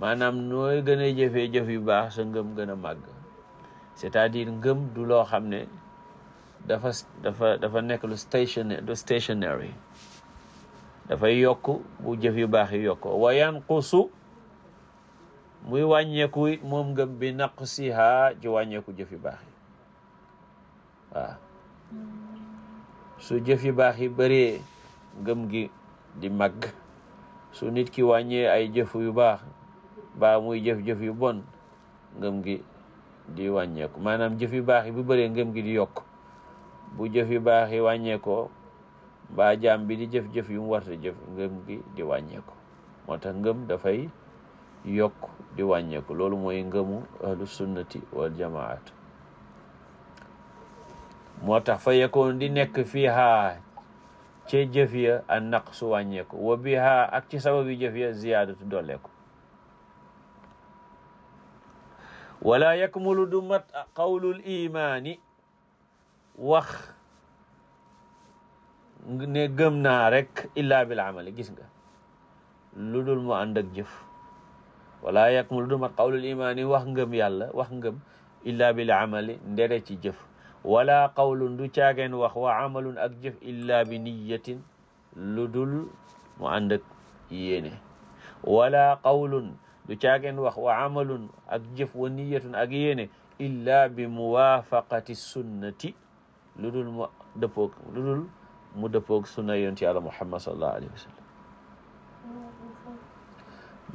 maanaam nooy gën a jëf yu baax sa ngëm gën a màgg c'est-à-dire ngëm du loo xam ne dafa dafa dafa nekk dafay yokk bu jëf yu baax yi yokk wa yanqusu muy wàññeeku it moom ngëm bi naqsiha ci wàññeeku jëf yu baax yi su jëf yu baax yi bëree ngëm gi di màgg su nit ki wàññee ay jëf yu baax ba muy jëf-jëf yu bon ngëm gi di wàññeeku maanaam jëf yu baax yi bu bëree ngëm gi di yokk bu jëf yu baax yi wàññeekoo mbaa jaam bi di jëf-jëf yu mu warta jëf ngëm gi di wàññeeku moo tax ngëm dafay yokk di wàññeeku loolu mooy ngëmu ahlu sunnati wal jamaat moo tax fa yekoon di nekk fii haa cee jëf ya an naqsu wàññeeku wa biha ak ci sababi jëf ya ziyaadatu dolleeku wala yakmulu du mat qawlul imaani wax ne gëm naa rek illa bil amali gis nga lu dul mu ànd ak jëf wala yakmulu du mat qawlul imaani wax ngëm yàlla wax ngëm illa bil amali ndere ci jëf wala qawlun du caageen wax wa amalun ak jëf illa bi niyatin lu dul mu ànd ak yéene wala qawlun du caageen wax wa amalun ak jëf wa niyatun ak yéene illa bi muwaafaqati sunnati lu dul mu dëppoog lu dul mu dëppoog sunna yonti yàlla muhammad sallallahu alayhi wa sallam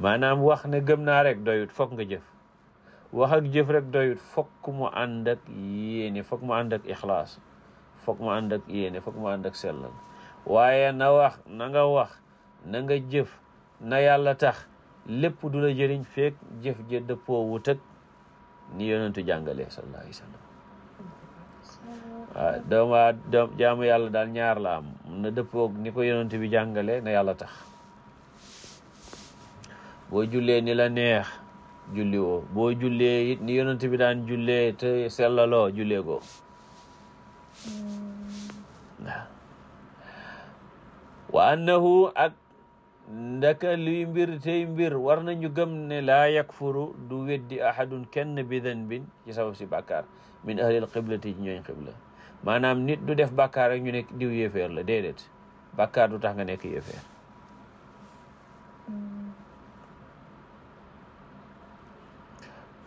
maanaam wax ne gëm naa rek doyut foog nga jëf wax ak jëf rek doyut fokk mu ànd ak yéene fokk mu ànd ak ixlaas fokk mu ànd ak yéene fokk mu ànd ak sellal waaye na wax na nga wax na nga jëf na yàlla tax lépp du la jëriñ feek jëf ja dëppoo wut ak ni yonentu jàngale sallallahu alayhi yàlla daal ñaar la am na dëppoog ni ko yonent bi jàngale na yàlla tax boo jullee ni la neex julli woo boo jullee it ni yonent bi daan jullee te sellaloo jullee goo waaw wa annahu ndaka luy mbir tey mbir war nañu gëm ne laa yakfuru du weddi ahadun kenn bi danbin ci sabab si bàkkaar min ahlil qiblati ci ñooñ qibla maanaam nit du def bàkkaar ñu nekk diw yéeféer la du tax nga nekk yéeféer hmm.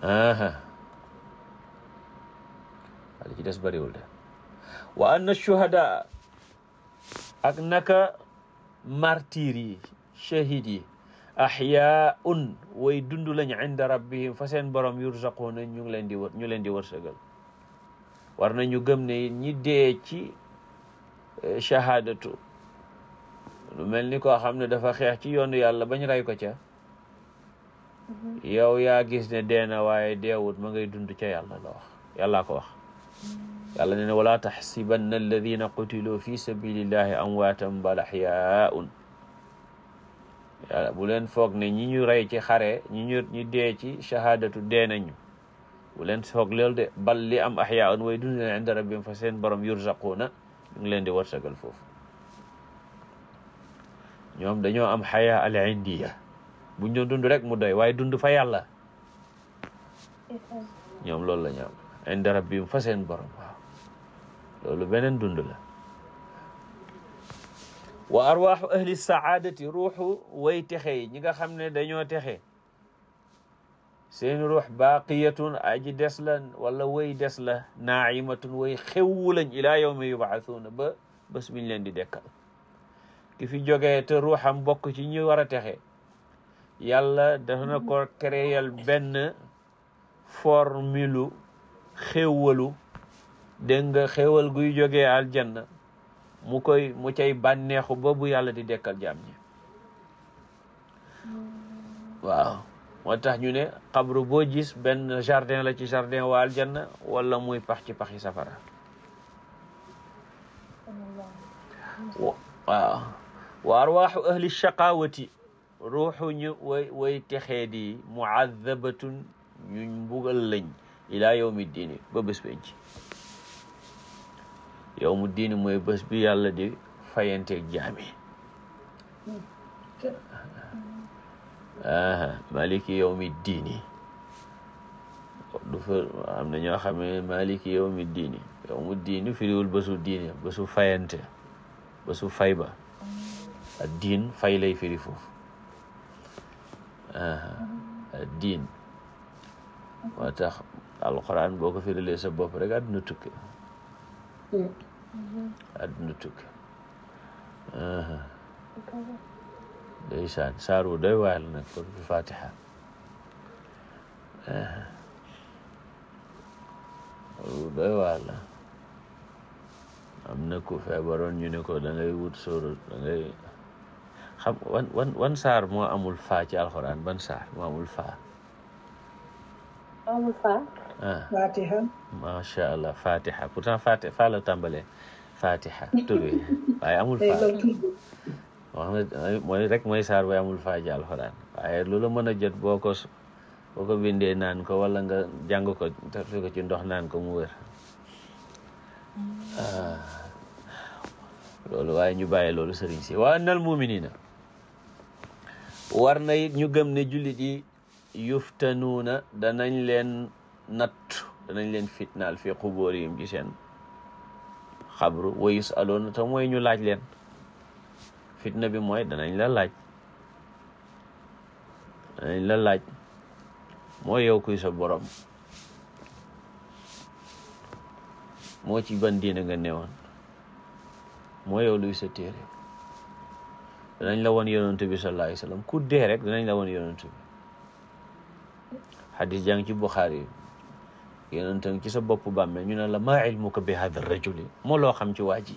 li ci des bariwul de wa anna shuhada ak naka martir yi shahid yi axyaaun way dund lañ inda rabbihim fa seen borom yurzaquuna ñu ngi leen di wër ñu leen di wërsëgal war nañu gëm ne ñi dee ci eh, shahadatu lu mel ni koo xam ne dafa xeex ci yoon yàlla bañ ray ko ca Mm-hmm. yow yaa gis ne dee na waaye deewut ma ngay dund ca yàlla la wax yàllaa ko wax mm-hmm. yàlla ne ne walaa taxsibanna alladina qutiluu fi sabilillahi amwaatan bal axyaun bu leen foog ne ñi ñu rey ci xare ñi ñu ñu dee ci shahaadatu dee nañu bu leen foog loolu de bal li am axyaaun way dund leen inda rabbim fa seen borom yurzaquuna ñu ngi leen di warsagal foofu ñoom dañoo am xayaa al indiya buñ doon dund rek mu doy waaye dund fa yàlla ñoom loolu la ñu am inda rabbihim fa seen borom waaw loolu beneen dund la wa arwaaxu ahli saadati ruuxu way texe yi ñi nga xam ne dañoo texe seen ruux baaqiyatun aji des la wala way des la naaimatun way xewwu lañ ilaa yawmi yubaasuuna ba bés biñ leen di dekkal ki fi jógee te ruuxam bokk ci ñi war a texe yàlla dafa na ko créer benn formulu xéwalu dégg nga xéwal guy jógee aljanna mu koy mu cay bànneexu ba bu yàlla di dekkal jaam ñi waaw moo tax ñu ne xabru boo gis benn jardin la ci jardin waa aljanna wala muy pax ci paxi safara waaw wa arwaaxu ahli shaqaawati ruuxuñu way way texee di muadabatun ñu mbugal lañ ilaa yawmi diini ba bés penc yawmu diini mooy bés bi yàlla di fayanteeg jaami aha maliki yawmi diini du fa am na ñoo xam ne maliki diini firiwul bésu diini bésu fayante bésu fay ba diin fay lay firi foofu Ah, ah, diin moo tax alxuraan boo ko firilee sa bopp rek àdduna tukki àdduna tukki ah, ndeysaan saar wu doy waar la nag kon bi fatiha wu doy waar la am na ku feebaroon ñu ne ko da ngay wut sóoru da ngay xam wan saar moo amul faa ci alxuraan ban saar moo amul faa. amul faa. ah Fatiha. macha allah Fatiha pourtant faa la tàmbalee Fatiha tur bi waaye amul faa. moo xam ne mooy rek mooy saar bi amul faa ci alxuraan waaye lu la mën a jot boo ko boo ko naan ko wala nga jàng ko tartu ci ndox naan ko mu wér. Ah. loolu waaye ñu bàyyi loolu sëriñ si waa nal muminina war na ñu gëm ne jullit yi yuftanuuna danañ leen nat danañ leen fitnaal fi xuboorihim ci seen xabru wa yusaloona te mooy ñu laaj leen fitna bi mooy danañ la laaj danañ laaj mooy yow kuy sa borom moo ci ban diina nga newoon moo yow luy danañ la woon yonent bi sallallahu alayhi wa sallam ku dee rek danañ la woon yonent bi xadis jàng ci Buxaari yonent ci sa bopp bàmmeel ñu ne la maa ilmuka bi hada rajuli moo loo xam ci waa ji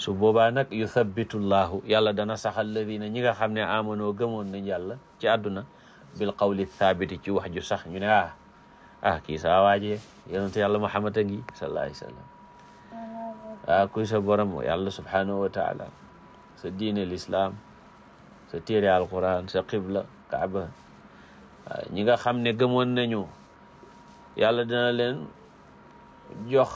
su boobaa nag yuthabitu llahu yàlla dana saxal ladina ñi nga xam ne amanoo gëmoon nañ yàlla ci àdduna bil qawli thabiti ci wax ju sax ñu ne ah ah kii saa waajee yonent yàlla Muhammad a ngi sallallahu alayhi wa sallam ah kuy sa borom yàlla subhanahu wa taala sa diine lislaam sa téere alquran sa qibla kaaba ñi nga xam ne gëmoon nañu yàlla dana leen jox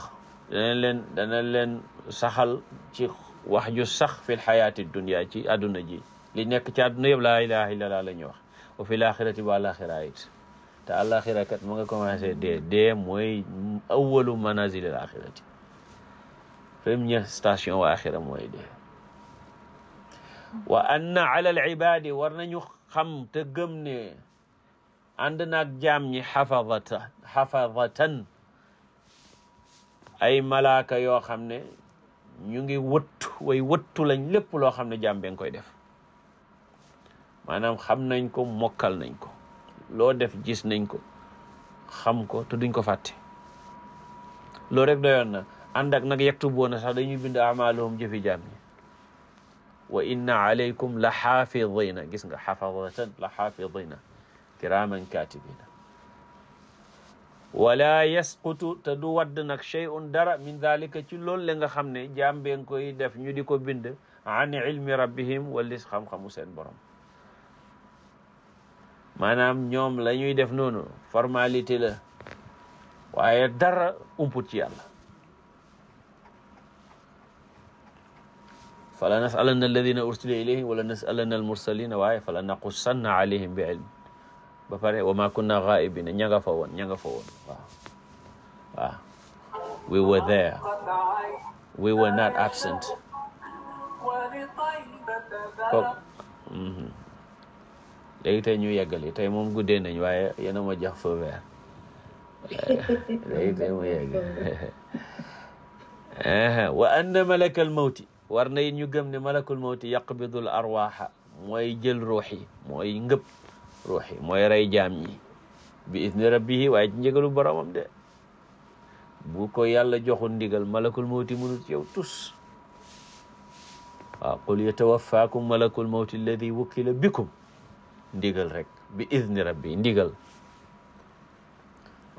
dana leen dana leen saxal ci wax ju sax fil xayaati dunia ci àdduna ji li nekk ci àdduna yëpp laa ilaha illallah la ñuy wax wa fil axirati ba alaxira it te alaxira kat mu nga commencé dee dee mooy awalu manazil al axirati première station waaxira mooy dee wa anna ala al ibaadi war nañu xam te gëm ne ànd naag jaam ñi xafadata xafadatan ay malaaka yoo xam ne ñu ngi wëttu way wëttu lépp loo xam ne jaam beng koy def maanaam xam nañ ko mokkal nañ ko loo def gis nañ ko xam ko te duñ ko fàtte loolu rek doyoon na ànd ak nag yaktubuuna sax dañuy bind amaaluhum jëfi jaam yi wa inna alaykum la xaafidina gis nga xafadatan la xaafidina kiraaman kaatibina wala yasqutu te du wadd nag cheyun dara min dalika ci loolu la nga xam ne jaam bee nga koy def ñu di ko bind an ilmi rabbihim walis xam-xamu seen borom maanaam ñoom la ñuy def noonu formalité la waaye dara umput ci yàlla fala nasalanna alladina ursila ilayhim wala nasalanna almursalina waaye fala naqussanna alayhim bi ilm ba pare wa ma kunna ghaibina ña nga fa woon ña nga fa woon waaw waaw we were there we were not absent ko mhm. léegi tey ñu yeggali tey moom guddee nañ waaye yéena ma jox feu vert léegi tey mu yegg eh, wa anna malakal mawti war na it ñu gëm ne malakul mawti yaqbidul arwaaxa mooy jël ruux mooy ngëb ruux mooy rey jaam ñi bi idni rabbihi waaye ci njëgalu boromam de bu ko yàlla joxul ndigal malakul mawti munut yow tus waaw qul yatawafaakum malakul mawti alladi wukkila bikum ndigal rek bi idni rabbi ndigal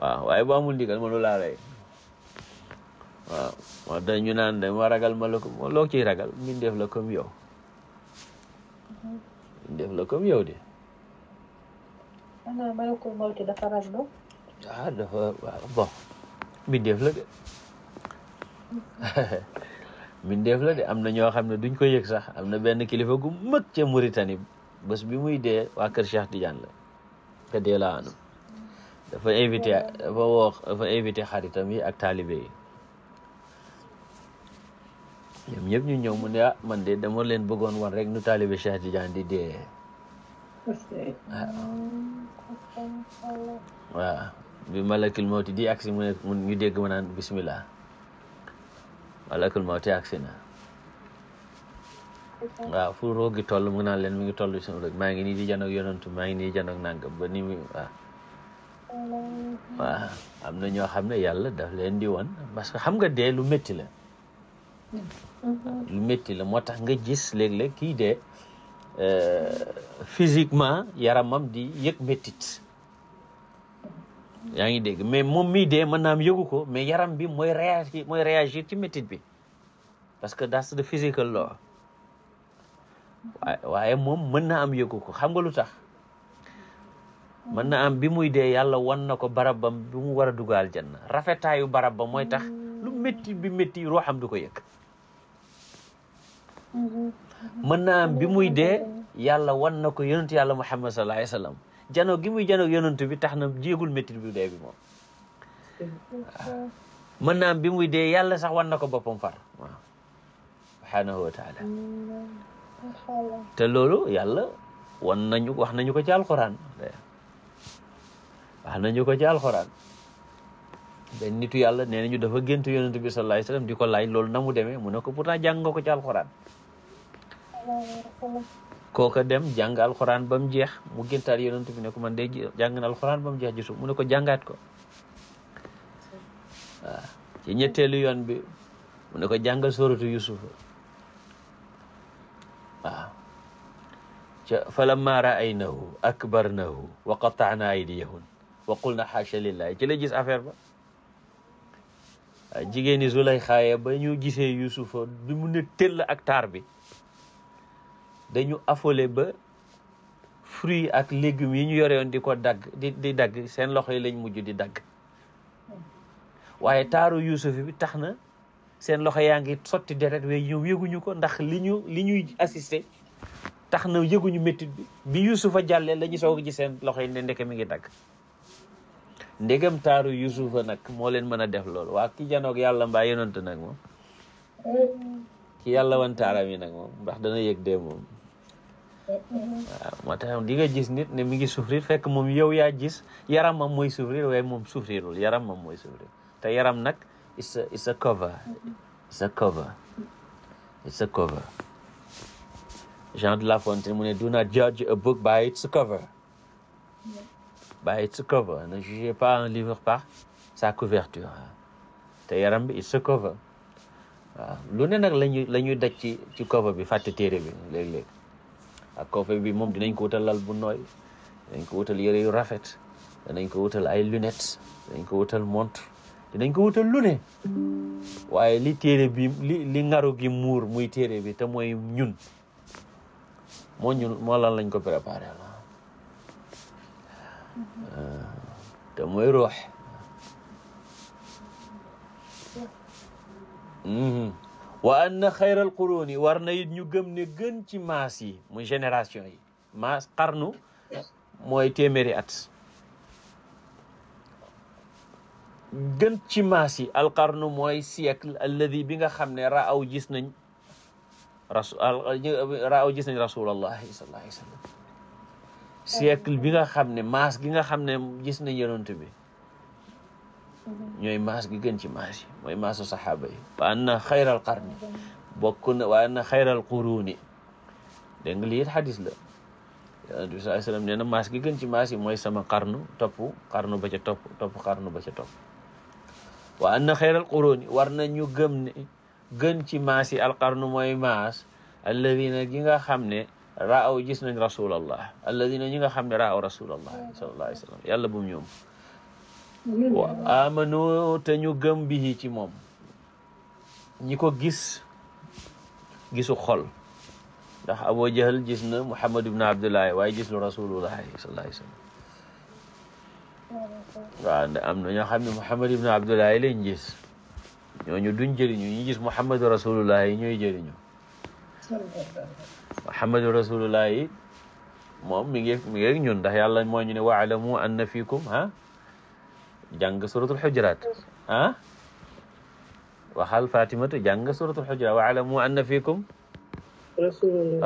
waaw waaye bu amul ndigal mënu laa rey waaw moo tax ñu naan dama ragal ma la ciy ragal min def la comme yow min la comme yow de xanaa malakul mawti dafa raglu ah dafa la de am na ñoo xam ne duñ ko yëg sax am na benn kilifa gu mag ca Mauritanie bés bi muy dee waa kër Cheikh Tidiane la te dee laa anum dafa invité dafa woo xaritam yi ak taalibe yi ñoom ñu ñëw mu ne ah man de dama leen bëggoon wan rek nu taalibe Cheikh Tidiane di dee waaw bi malakul mawti di agsi mu ne ñu dégg ma naan bismillah malakul mawti agsi na waaw fu roog gi toll mu naan leen mi ngi toll sama roog maa ngi nii di janoog yonantu maa ngi nii janoog nangam ba ni mu waaw am na ñoo xam ne yàlla daf leen di won parce que xam nga dee lu métti la Mm-hmm. lu métti la moo tax nga gis léeg-léeg kii dee euh, physiquement yaramam di yëg méttit yaa ngi dégg mais moom mii de mën naam yëgu ko mais yaram bi mooy réagir mooy réagir ci méttit bi parce que that's the physical law waaye moom mën na am yëgu ko xam nga lu tax mën na am bi muy dee yàlla wan na ko barabam bi mu war a dugal janna rafetaayu barab ba mooy tax lu métti bi métti xam du ko yëg mën na bi muy dee yàlla wan na ko yonent yàlla Muhammad sallallahu alayhi wa sallam janoo gi muy janoo yonent bi tax na jéegul métit bi dee bi moom waaw mën na bi muy dee yàlla sax wan na ko boppam far subhaanahu wa taala loolu yàlla wan nañu wax nañu ko ci alxuraan wax nañu ko ci alxuraan benn nitu yàlla nee nañu dafa gént yonent bi sallallahu alayhi wa sallam di ko laaj loolu na mu demee mu na ko pourtant jàng nga ko ci alxuraan kooka dem jàng alxuraan ba mu jeex mu géntaal yonent bi ne ko man de alxuraan ba mu jeex mu ko jàngaat ko waaw ci ñetteelu yoon bi mu ne ko jàngal sóoratu Yusuf waaw ca falamma raaynahu akbarnahu wa qataana aydiyahun wa qulna xaasha lillahi ci la gis affaire ba jigéen ñi Zulayxa ba ñu gisee Yusufa bi mu ne tëll ak bi dañu affole ba fruits ak légumes yi ñu yore woon di ko dagg di dagg seen loxo yi lañ mujj di dagg waaye taaru Yuusuf bi tax na seen loxo yaa ngi sotti deret we ñoom yëguñu ko ndax li ñu li ñuy assisté tax na yëguñu métit bi bi Yuusufa jàllee la ñu soog ci seen loxo yi ne ndeke mi ngi dagg ndegam taaru Yuusufa nag moo leen mën a def loolu waa ki janoog yàlla mbaa yonent nag moom ci eh. yàlla wan taaram yi nag moom ndax dana yëg dee moom waaw moo tax di nga gis nit ne mi ngi souffrir fekk moom yow yaa gis yaramam mooy souffrir waaye moom souffrirul yaramam mooy souffrir te yaram nag it's a it's a cover it's a Jean de La Fontaine mu ne do not judge a book by its cover by cover ne jugez pas un livre par sa couverture te yaram bi it's a cover lu ne nag lañu la daj ci ci cover bi fàtte téere bi ak koofe bi moom dinañ ko wutal lal bu nooy dinañ ko wutal yëre yu rafet danañ ko wutal ay lunettes dinañ ko wutal montre dinañ ko wutal lu ne waaye li téere bi li li gi muur muy téere bi te mooy ñun moo ñun moo lan lañ ko préparé la euh, te mooy ruux hmm. wa anna xayral quruni war na it ñu gëm ne gën ci maas yi muy génération yi maas xarnu mooy téeméeri at gën ci maas yi alqarnu mooy siècle alladi bi nga xam ne raaw gis nañ rasu raaw gis nañ rasulallahi sallallahu alayhi wa bi nga xam ne maas gi nga xam ne gis nañ yonent bi ñooy maas gi gën ci maas yi mooy maasu saxaaba yi wa anna xayral qarni bokk na wa anna xayral quruuni dégg la yonent bi sallallahu alayhi wasallam nee maas gi gën ci maas yi mooy sama qarnu topp qarnu ba ca topp topp qarnu ba ca topp wa anna war nañu gëm ne gën ci maas yi alqarnu mooy maas alladina gi nga xam ne raaw gis nañ rasulallah alladina ñi nga xam bu mu wa amanu te ñu gëm bi ci moom ñi ko gis gisu xol ndax Abu Jahal gis na Muhammad ibn Abdullahi waaye gis lu Rasulullahi sallallahu alayhi na ñoo xam ne Muhammad ibn Abdullahi lañ gis ñooñu duñ jëriñu ñu gis Muhammadu Rasulullahi ñooy jëriñu Muhammadu Rasulullahi moom mi ngi mi ngi ak ñun ndax yàlla moo ñu ne waalamu anna fiikum ha jàng suratul xujuraat ah waxal fatimatu jàng suratul xujuraat wa alamu anna fiikum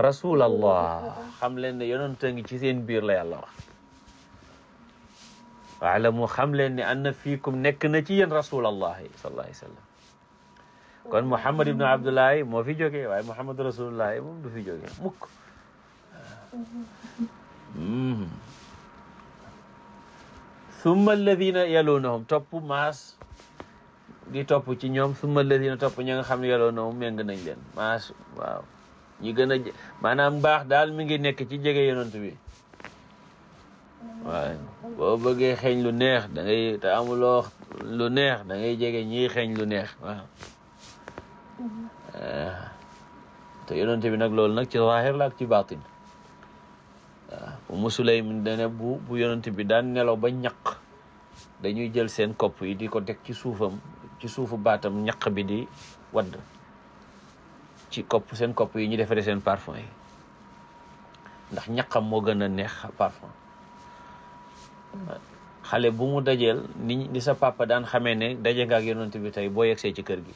rasulallah xam leen ne yonent a ngi ci seen biir la yàlla wax wa alamu xam leen ne anna fiikum nekk na ci yéen rasulallahi sallallahu alayhi wa sallam kon Muhammad ibnu Abdullahi moo fi jógee waaye Muhammad rasulullahi moom du fi jógee mukk mm-hmm. Mm-hmm. summa alladina yaloonahum topp maas di topp ci ñoom summa alladina topp ña nga xam ne yaloonahum méng nañ leen maas waaw ñi gën a maanaam baax daal mi ngi nekk ci jege yonent bi waaw boo bëggee xeeñ lu neex da ngay te lu neex da ngay jege ñii xeeñ lu neex waaw mm-hmm. eh, te yonent bi nag loolu nag ci zaahir la ci ci baatin Umu Sulaym dane bu bu bi daan nelaw ba ñaq dañuy jël seen kopp yi di ko deg ci suufam ci suufu baatam ñaq bi di wadd ci kopp seen kopp yi ñu defaree seen parfum yi ndax ñaqam moo gën a neex parfum xale bu mu dajeel ni ni sa papa daan xamee ne daje nga ak yonent bi tey boo yegsee ci kër gi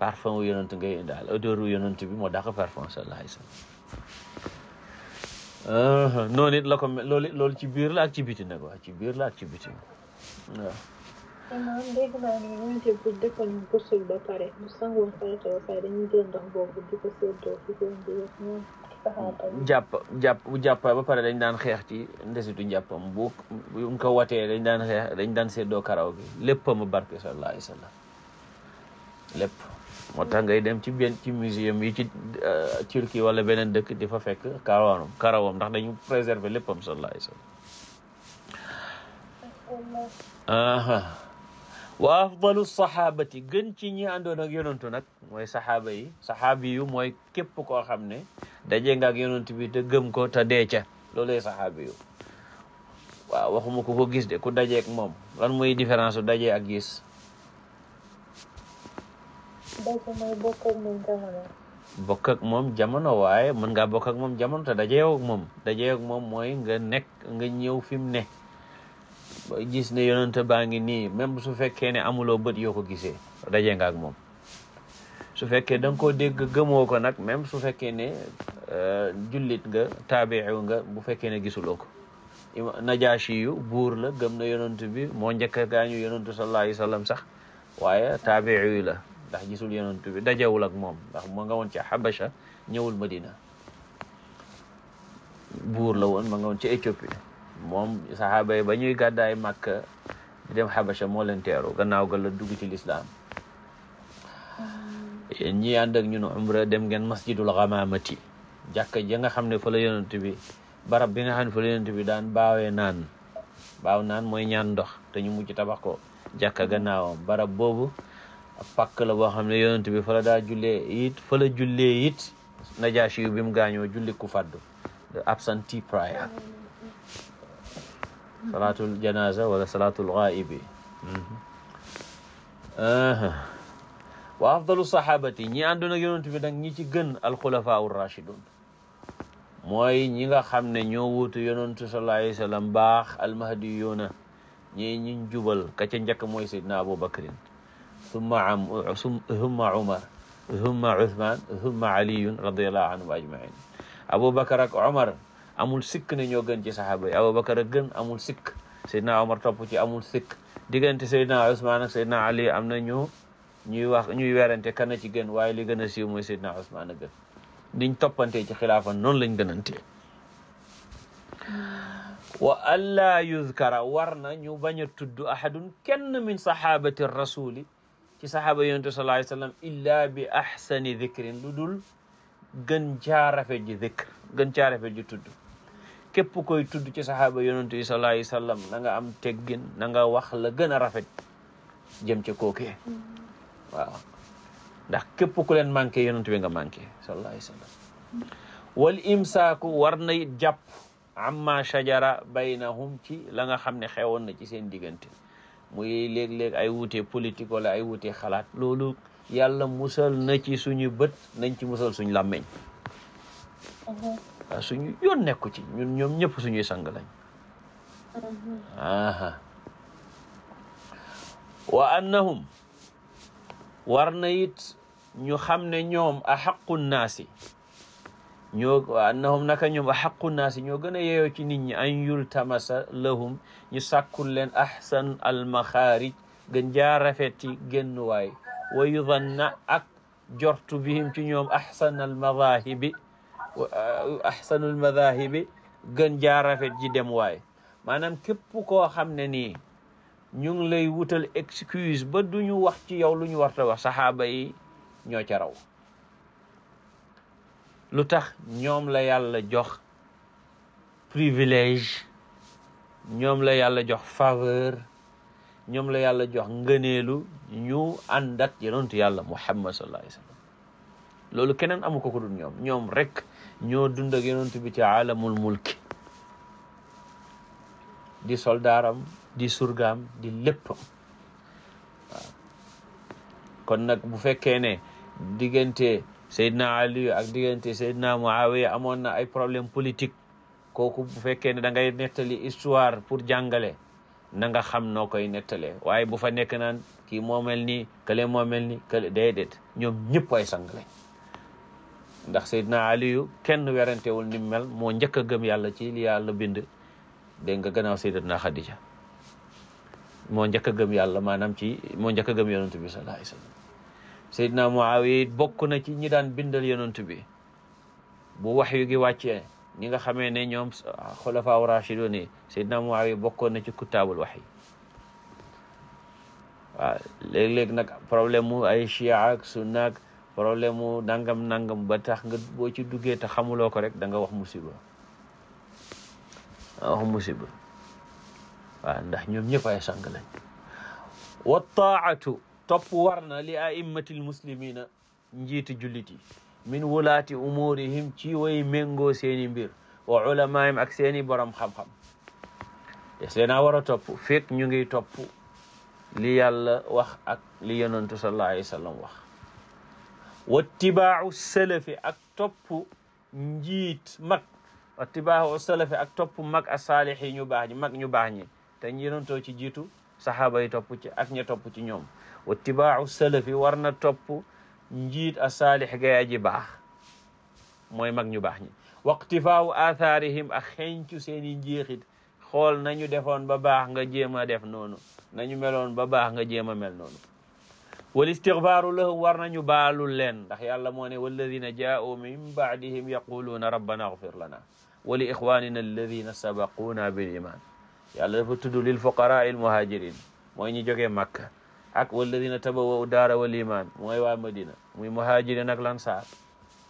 parfum wu yonent ngay indaal odeur wu bi moo dàq parfum sallallahu alayhi wasallam noonu it la ko loolu loolu ci biir la ak ci biti nag waaw ci biir la ak ci biti waaw. xanaa dégg naa ne ñoom itam bu dëkkal ñu ko suul ba pare mu sangoo farata ba pare dañuy jël ndox boobu di ko séddoo ci seen biir ñoom. jàpp jàpp bu jàppaa ba pare dañ daan xeex ci ndesitu njàppam bu bu ko watee dañ daan xeex dañ daan séddoo karaw gi léppam barke sallallahu alayhi wa sallam lépp. moo tax ngay dem ci benn ci muséum yi ci euh, Turquie wala beneen dëkk di fa fekk karawaanam karawam ndax dañu préserver léppam sallallahu alayhi wasallam aha wa afdalu saxaabati gën ci ñi àndoon ak yonantu nag mooy saxaaba yi mooy képp koo xam ne daje nga ak yonantu bi te gëm ko ta dee ca loolay saxaabi yu waxuma ku ko gis de ku dajee ak moom lan mooy différence su dajee gis bokk ak moom jamono waaye mën nga bokk ak moom jamono te dajee moom dajee moom mooy nga nekk nga ñëw fi mu ne gis ne yonent baa ngi nii même su fekkee ne amuloo bët yoo ko gisee dajee nga ak moom su fekkee da ko koo dégg gëmoo ko nag même su fekkee ne euh, julit nga taabiiw nga bu fekkee ne gisuloo ko najaashi yu buur la gëm na yonent bi moo njëkk gaañu yonent sallallahu alayhi wa sax waaye taabiiw la ndax gisul yonentu bi dajewul ak moom ndax ma nga woon ci Habasha ñëwul Madina buur la woon ma nga woon ci Éthiopie moom saxaaba yi ba ñuy gàddaay Makka di dem Habasha moo leen teeru gannaaw ga la dugg ci lislaam ñi ànd ak ñun umra dem ngeen masjidul xamaamati jàkka ja nga xam ne fa la bi barab bi xam ne fa la daan baawee naan baaw naan mooy ñaan ndox te mujj tabax ko jàkka gannaawam barab boobu pàkk la boo xam ne yonent bi fa la daa jullee it fa la jullee it najaasi yu bi mu gaañoo julli ku faddu the absentee prayer salaatul janaza wala salaatul ghaibi wa afdalu sahabati ñi àndoon ak yonent bi nag ñi ci gën alxulafaa ur rachidun mooy ñi nga xam ne ñoo wuutu yonent sallallahu alayhi wa sallam baax almahdiyuuna ñi ñiñ jubal ka ca njëkk mooy seydna abou bacrin summa summa Umar summa Usmaan summa Aliyun radiyallahu anhum ajmain Aboubacar ak Omar amul sikk ne ñoo gën ci saxaaba yi Aboubacar ak gën amul sikk Seydina Omar topp ci amul sikk diggante Seydina Usmaan ak Seydina Ali am na ñu ñuy wax ñuy werante kan ci gën waaye li gën a siiw mooy Seydina Usmaan a gën niñ toppantee ci xilaafa noonu lañ gënantee wa alla yuzkara war na ñu bañ a tudd ahadun kenn min sahabati rasuli ci saxaaba yonent sallallahu alayhi wa sallam illa bi ahsani dhikrin lu dul gën caa rafet ji dhikr gën caa rafet ji tudd képp koy tudd ci saxaaba yonent yi sallallahu alayhi wa sallam na nga am teggin na nga wax la gën a rafet jëm ca kookee waaw ndax képp ku leen manqué yonent bi nga manqué sallallahu alayhi wa sallam wal imsaaku war na it jàpp amma shajara baynahum ci la nga xam ne xewoon na ci seen diggante muy léeg-léeg ay wuute politique wala ay wute xalaat loolu yàlla musal na ci suñu bët nañ ci musal suñu làmmeñ uh-huh. waaw suñu yoon nekku ci ñun ñoom ñëpp suñuy sang lañ aha uh-huh. uh-huh. wa annahum war na it ñu xam ne ñoom a xaqu naasi ñoo wa annahum naka ñoom a ñoo gën a yeeyoo ci nit ñi an yultamasa lahum ñu sàkkul leen ahsan almaxaarij gën jaa rafeti wayu wa yudanna ak jortu bihim ci ñoom ahsan almadahibi ahsanu almadahibi gën jaa rafet ji dem maanaam képp koo xam ne nii ñu ngi lay wutal excuse ba duñu wax ci yow lu ñu warta wax saxaaba yi ñoo ci raw lu tax ñoom la yàlla jox privilège ñoom la yàlla jox faveur ñoom la yàlla jox ngëneelu ñu àndat yonentu yàlla muhammad sallallahu alayhi wa loolu keneen amu ko ko dul ñoom ñoom rek ñoo dund ak yonentu bi ci alamul mulki di soldaaram di surgaam di lépp kon nag bu fekkee ne diggante Seydina Ali ak diggante Seydina Muawiya amoon na ay problème politique kooku bu fekkee ne dangay nettali histoire pour jàngale na nga xam noo koy nettalee waaye bu fa nekk naan kii moo mel nii kële moo mel nii kële ñoom ñëpp ay sang lañ ndax Seydina Aliyu kenn werantewul ni mel moo njëkk a gëm yàlla ci li yàlla bind dégg nga gannaaw Seydatuna Xadija moo njëkk a gëm yàlla maanaam ci moo njëkk a gëm yonent bi sallallahu alayhi wa sallam Seydina Muawiya bokk na ci ñi daan bindal yonent bi bu wax yu gi wàccee ñi nga xamee ne ñoom ah, xulafaa rashidun yi Seydina Muawiya bokkoon na ci kuttaabul waxyi waaw léeg-léeg nag problème mu ay chia ak sunna ak problème mu nangam nangam ba tax nga boo ci duggee te xamuloo ko rek da nga wax musiba wax musiba ndax ñoom ñëpp ay sang lañ wa taatu topp war li aimmatil muslimina njiiti jullit yi min wulaati umurihim ci way méngoo seeni mbir wa ulamaim ak seeni borom xam-xam des leenaa war a topp fekk ñu ngi topp li yàlla wax ak li yonantu sallallahu alayhi wa sallam salafi ak topp njiit mag wattibaau salafi ak toppu mag a saalix ñu baax ñi mag ñu baax te yonantoo ci jiitu saxaaba yi topp ci ak ña topp ñoom salafi war na njiit a saalix gay aji baax mooy mag ñu baax ñi waqtifaawu athaarihim ak xencu seeni njeexit xool nañu defoon ba baax nga jéem a def noonu nañu meloon ba baax nga jéem a mel noonu wal istigfaaru lahum war nañu baalul leen ndax yàlla moo ne walladina jaa'u min baadihim yaquluuna rabbana agfir lana wa li ixwanina alladina sabaquuna bil iman yàlla dafa tudd lil fuqaraa al muhajirin mooy ñu jógee Makka ak walladina tabawwa'u daara wal iman mooy waa Madina muy muhajirin ak lansaar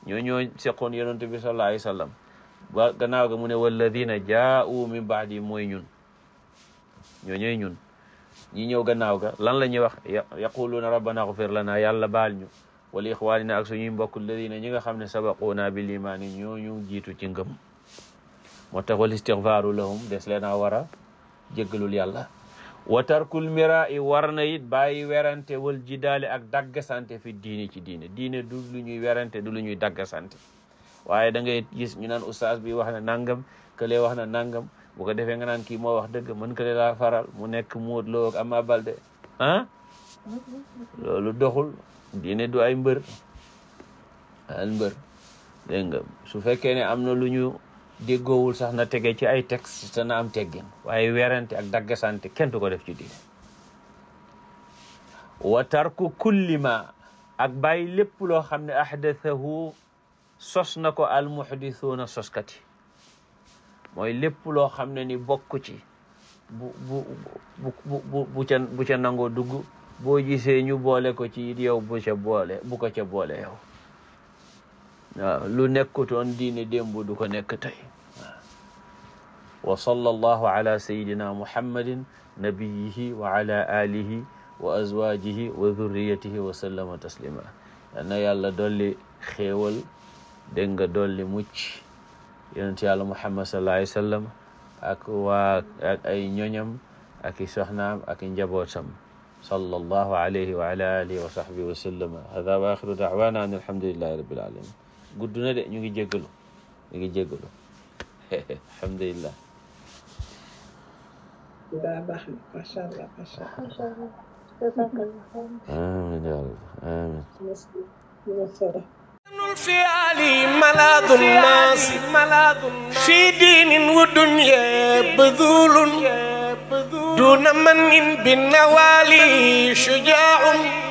ñoo ñoo seqoon yonent bi sallallahu alayhi wa sallam ba gannaaw ga mu ne walladina jaa'u min ba'di mooy ñun ñoo ñooy ñun ñi ñëw gannaaw ga lan la ñuy wax yaquluuna rabbana ghfir lana yàlla baal ñu wala ixwaanina ak suñuy mbokk alladina ñi nga xam ne sabaquuna bil imaan ñoo ñu jiitu ci ngëm moo tax wal istighfaaru lahum des leen a war a jéggalul yàlla wa tarkul mirai war na it bàyyi werante wal jidaale ak dagga sante fi diine ci diine diine du lu ñuy werante du lu ñuy daggasante waaye da ngay gis ñu naan ustaas bi wax na nangam kële wax na nangam bu ko defee nga naan kii moo wax dëgg mën kële laa faral mu nekk Modou Lo ak Ama Balde ah doxul diine du ay mbër al mbër dégg su fekkee am na lu déggoowul sax na tege ci ay texte te na am teggin waaye werante ak daggasante kenn du def ci diine wa tarku kulli ma ak bàyyi lépp loo xam ne ahdathahu sos na ko almuhdithuuna soskati mooy lépp loo xam ne ni bokk ci bu bu bu bu ca bu ca nangoo dugg boo gisee ñu boole ko ci it yow bu ca boole bu ko ca boole yow waaw lu nekkutoon diine démb du ko nekk tey wa sallallahu ala sayidina muhammadin nabiyihi wa ala alihi wa azwajihi wa dhurriyatihi wa sallama taslima yal na yàlla dolli xéewal dégg nga dolli mucc yonent yàlla muhammad sallallahu alayhi wa sallam ak waa ak ay ñoñam ak i soxnaam ak i njabootam sallallahu alayhi wa ala alihi wa sahbihi wa sallama hada wa axiru da'wana an alhamdulillahi rabbil alamin gudd na de ñu ngi jéggalu ñu ngi jéggalu alhamdulillah daa baax na macha allah macha allah amin ya rab amin الفعل ملاذ الناس في دين ودنيا بذول دون من بالنوالي شجاع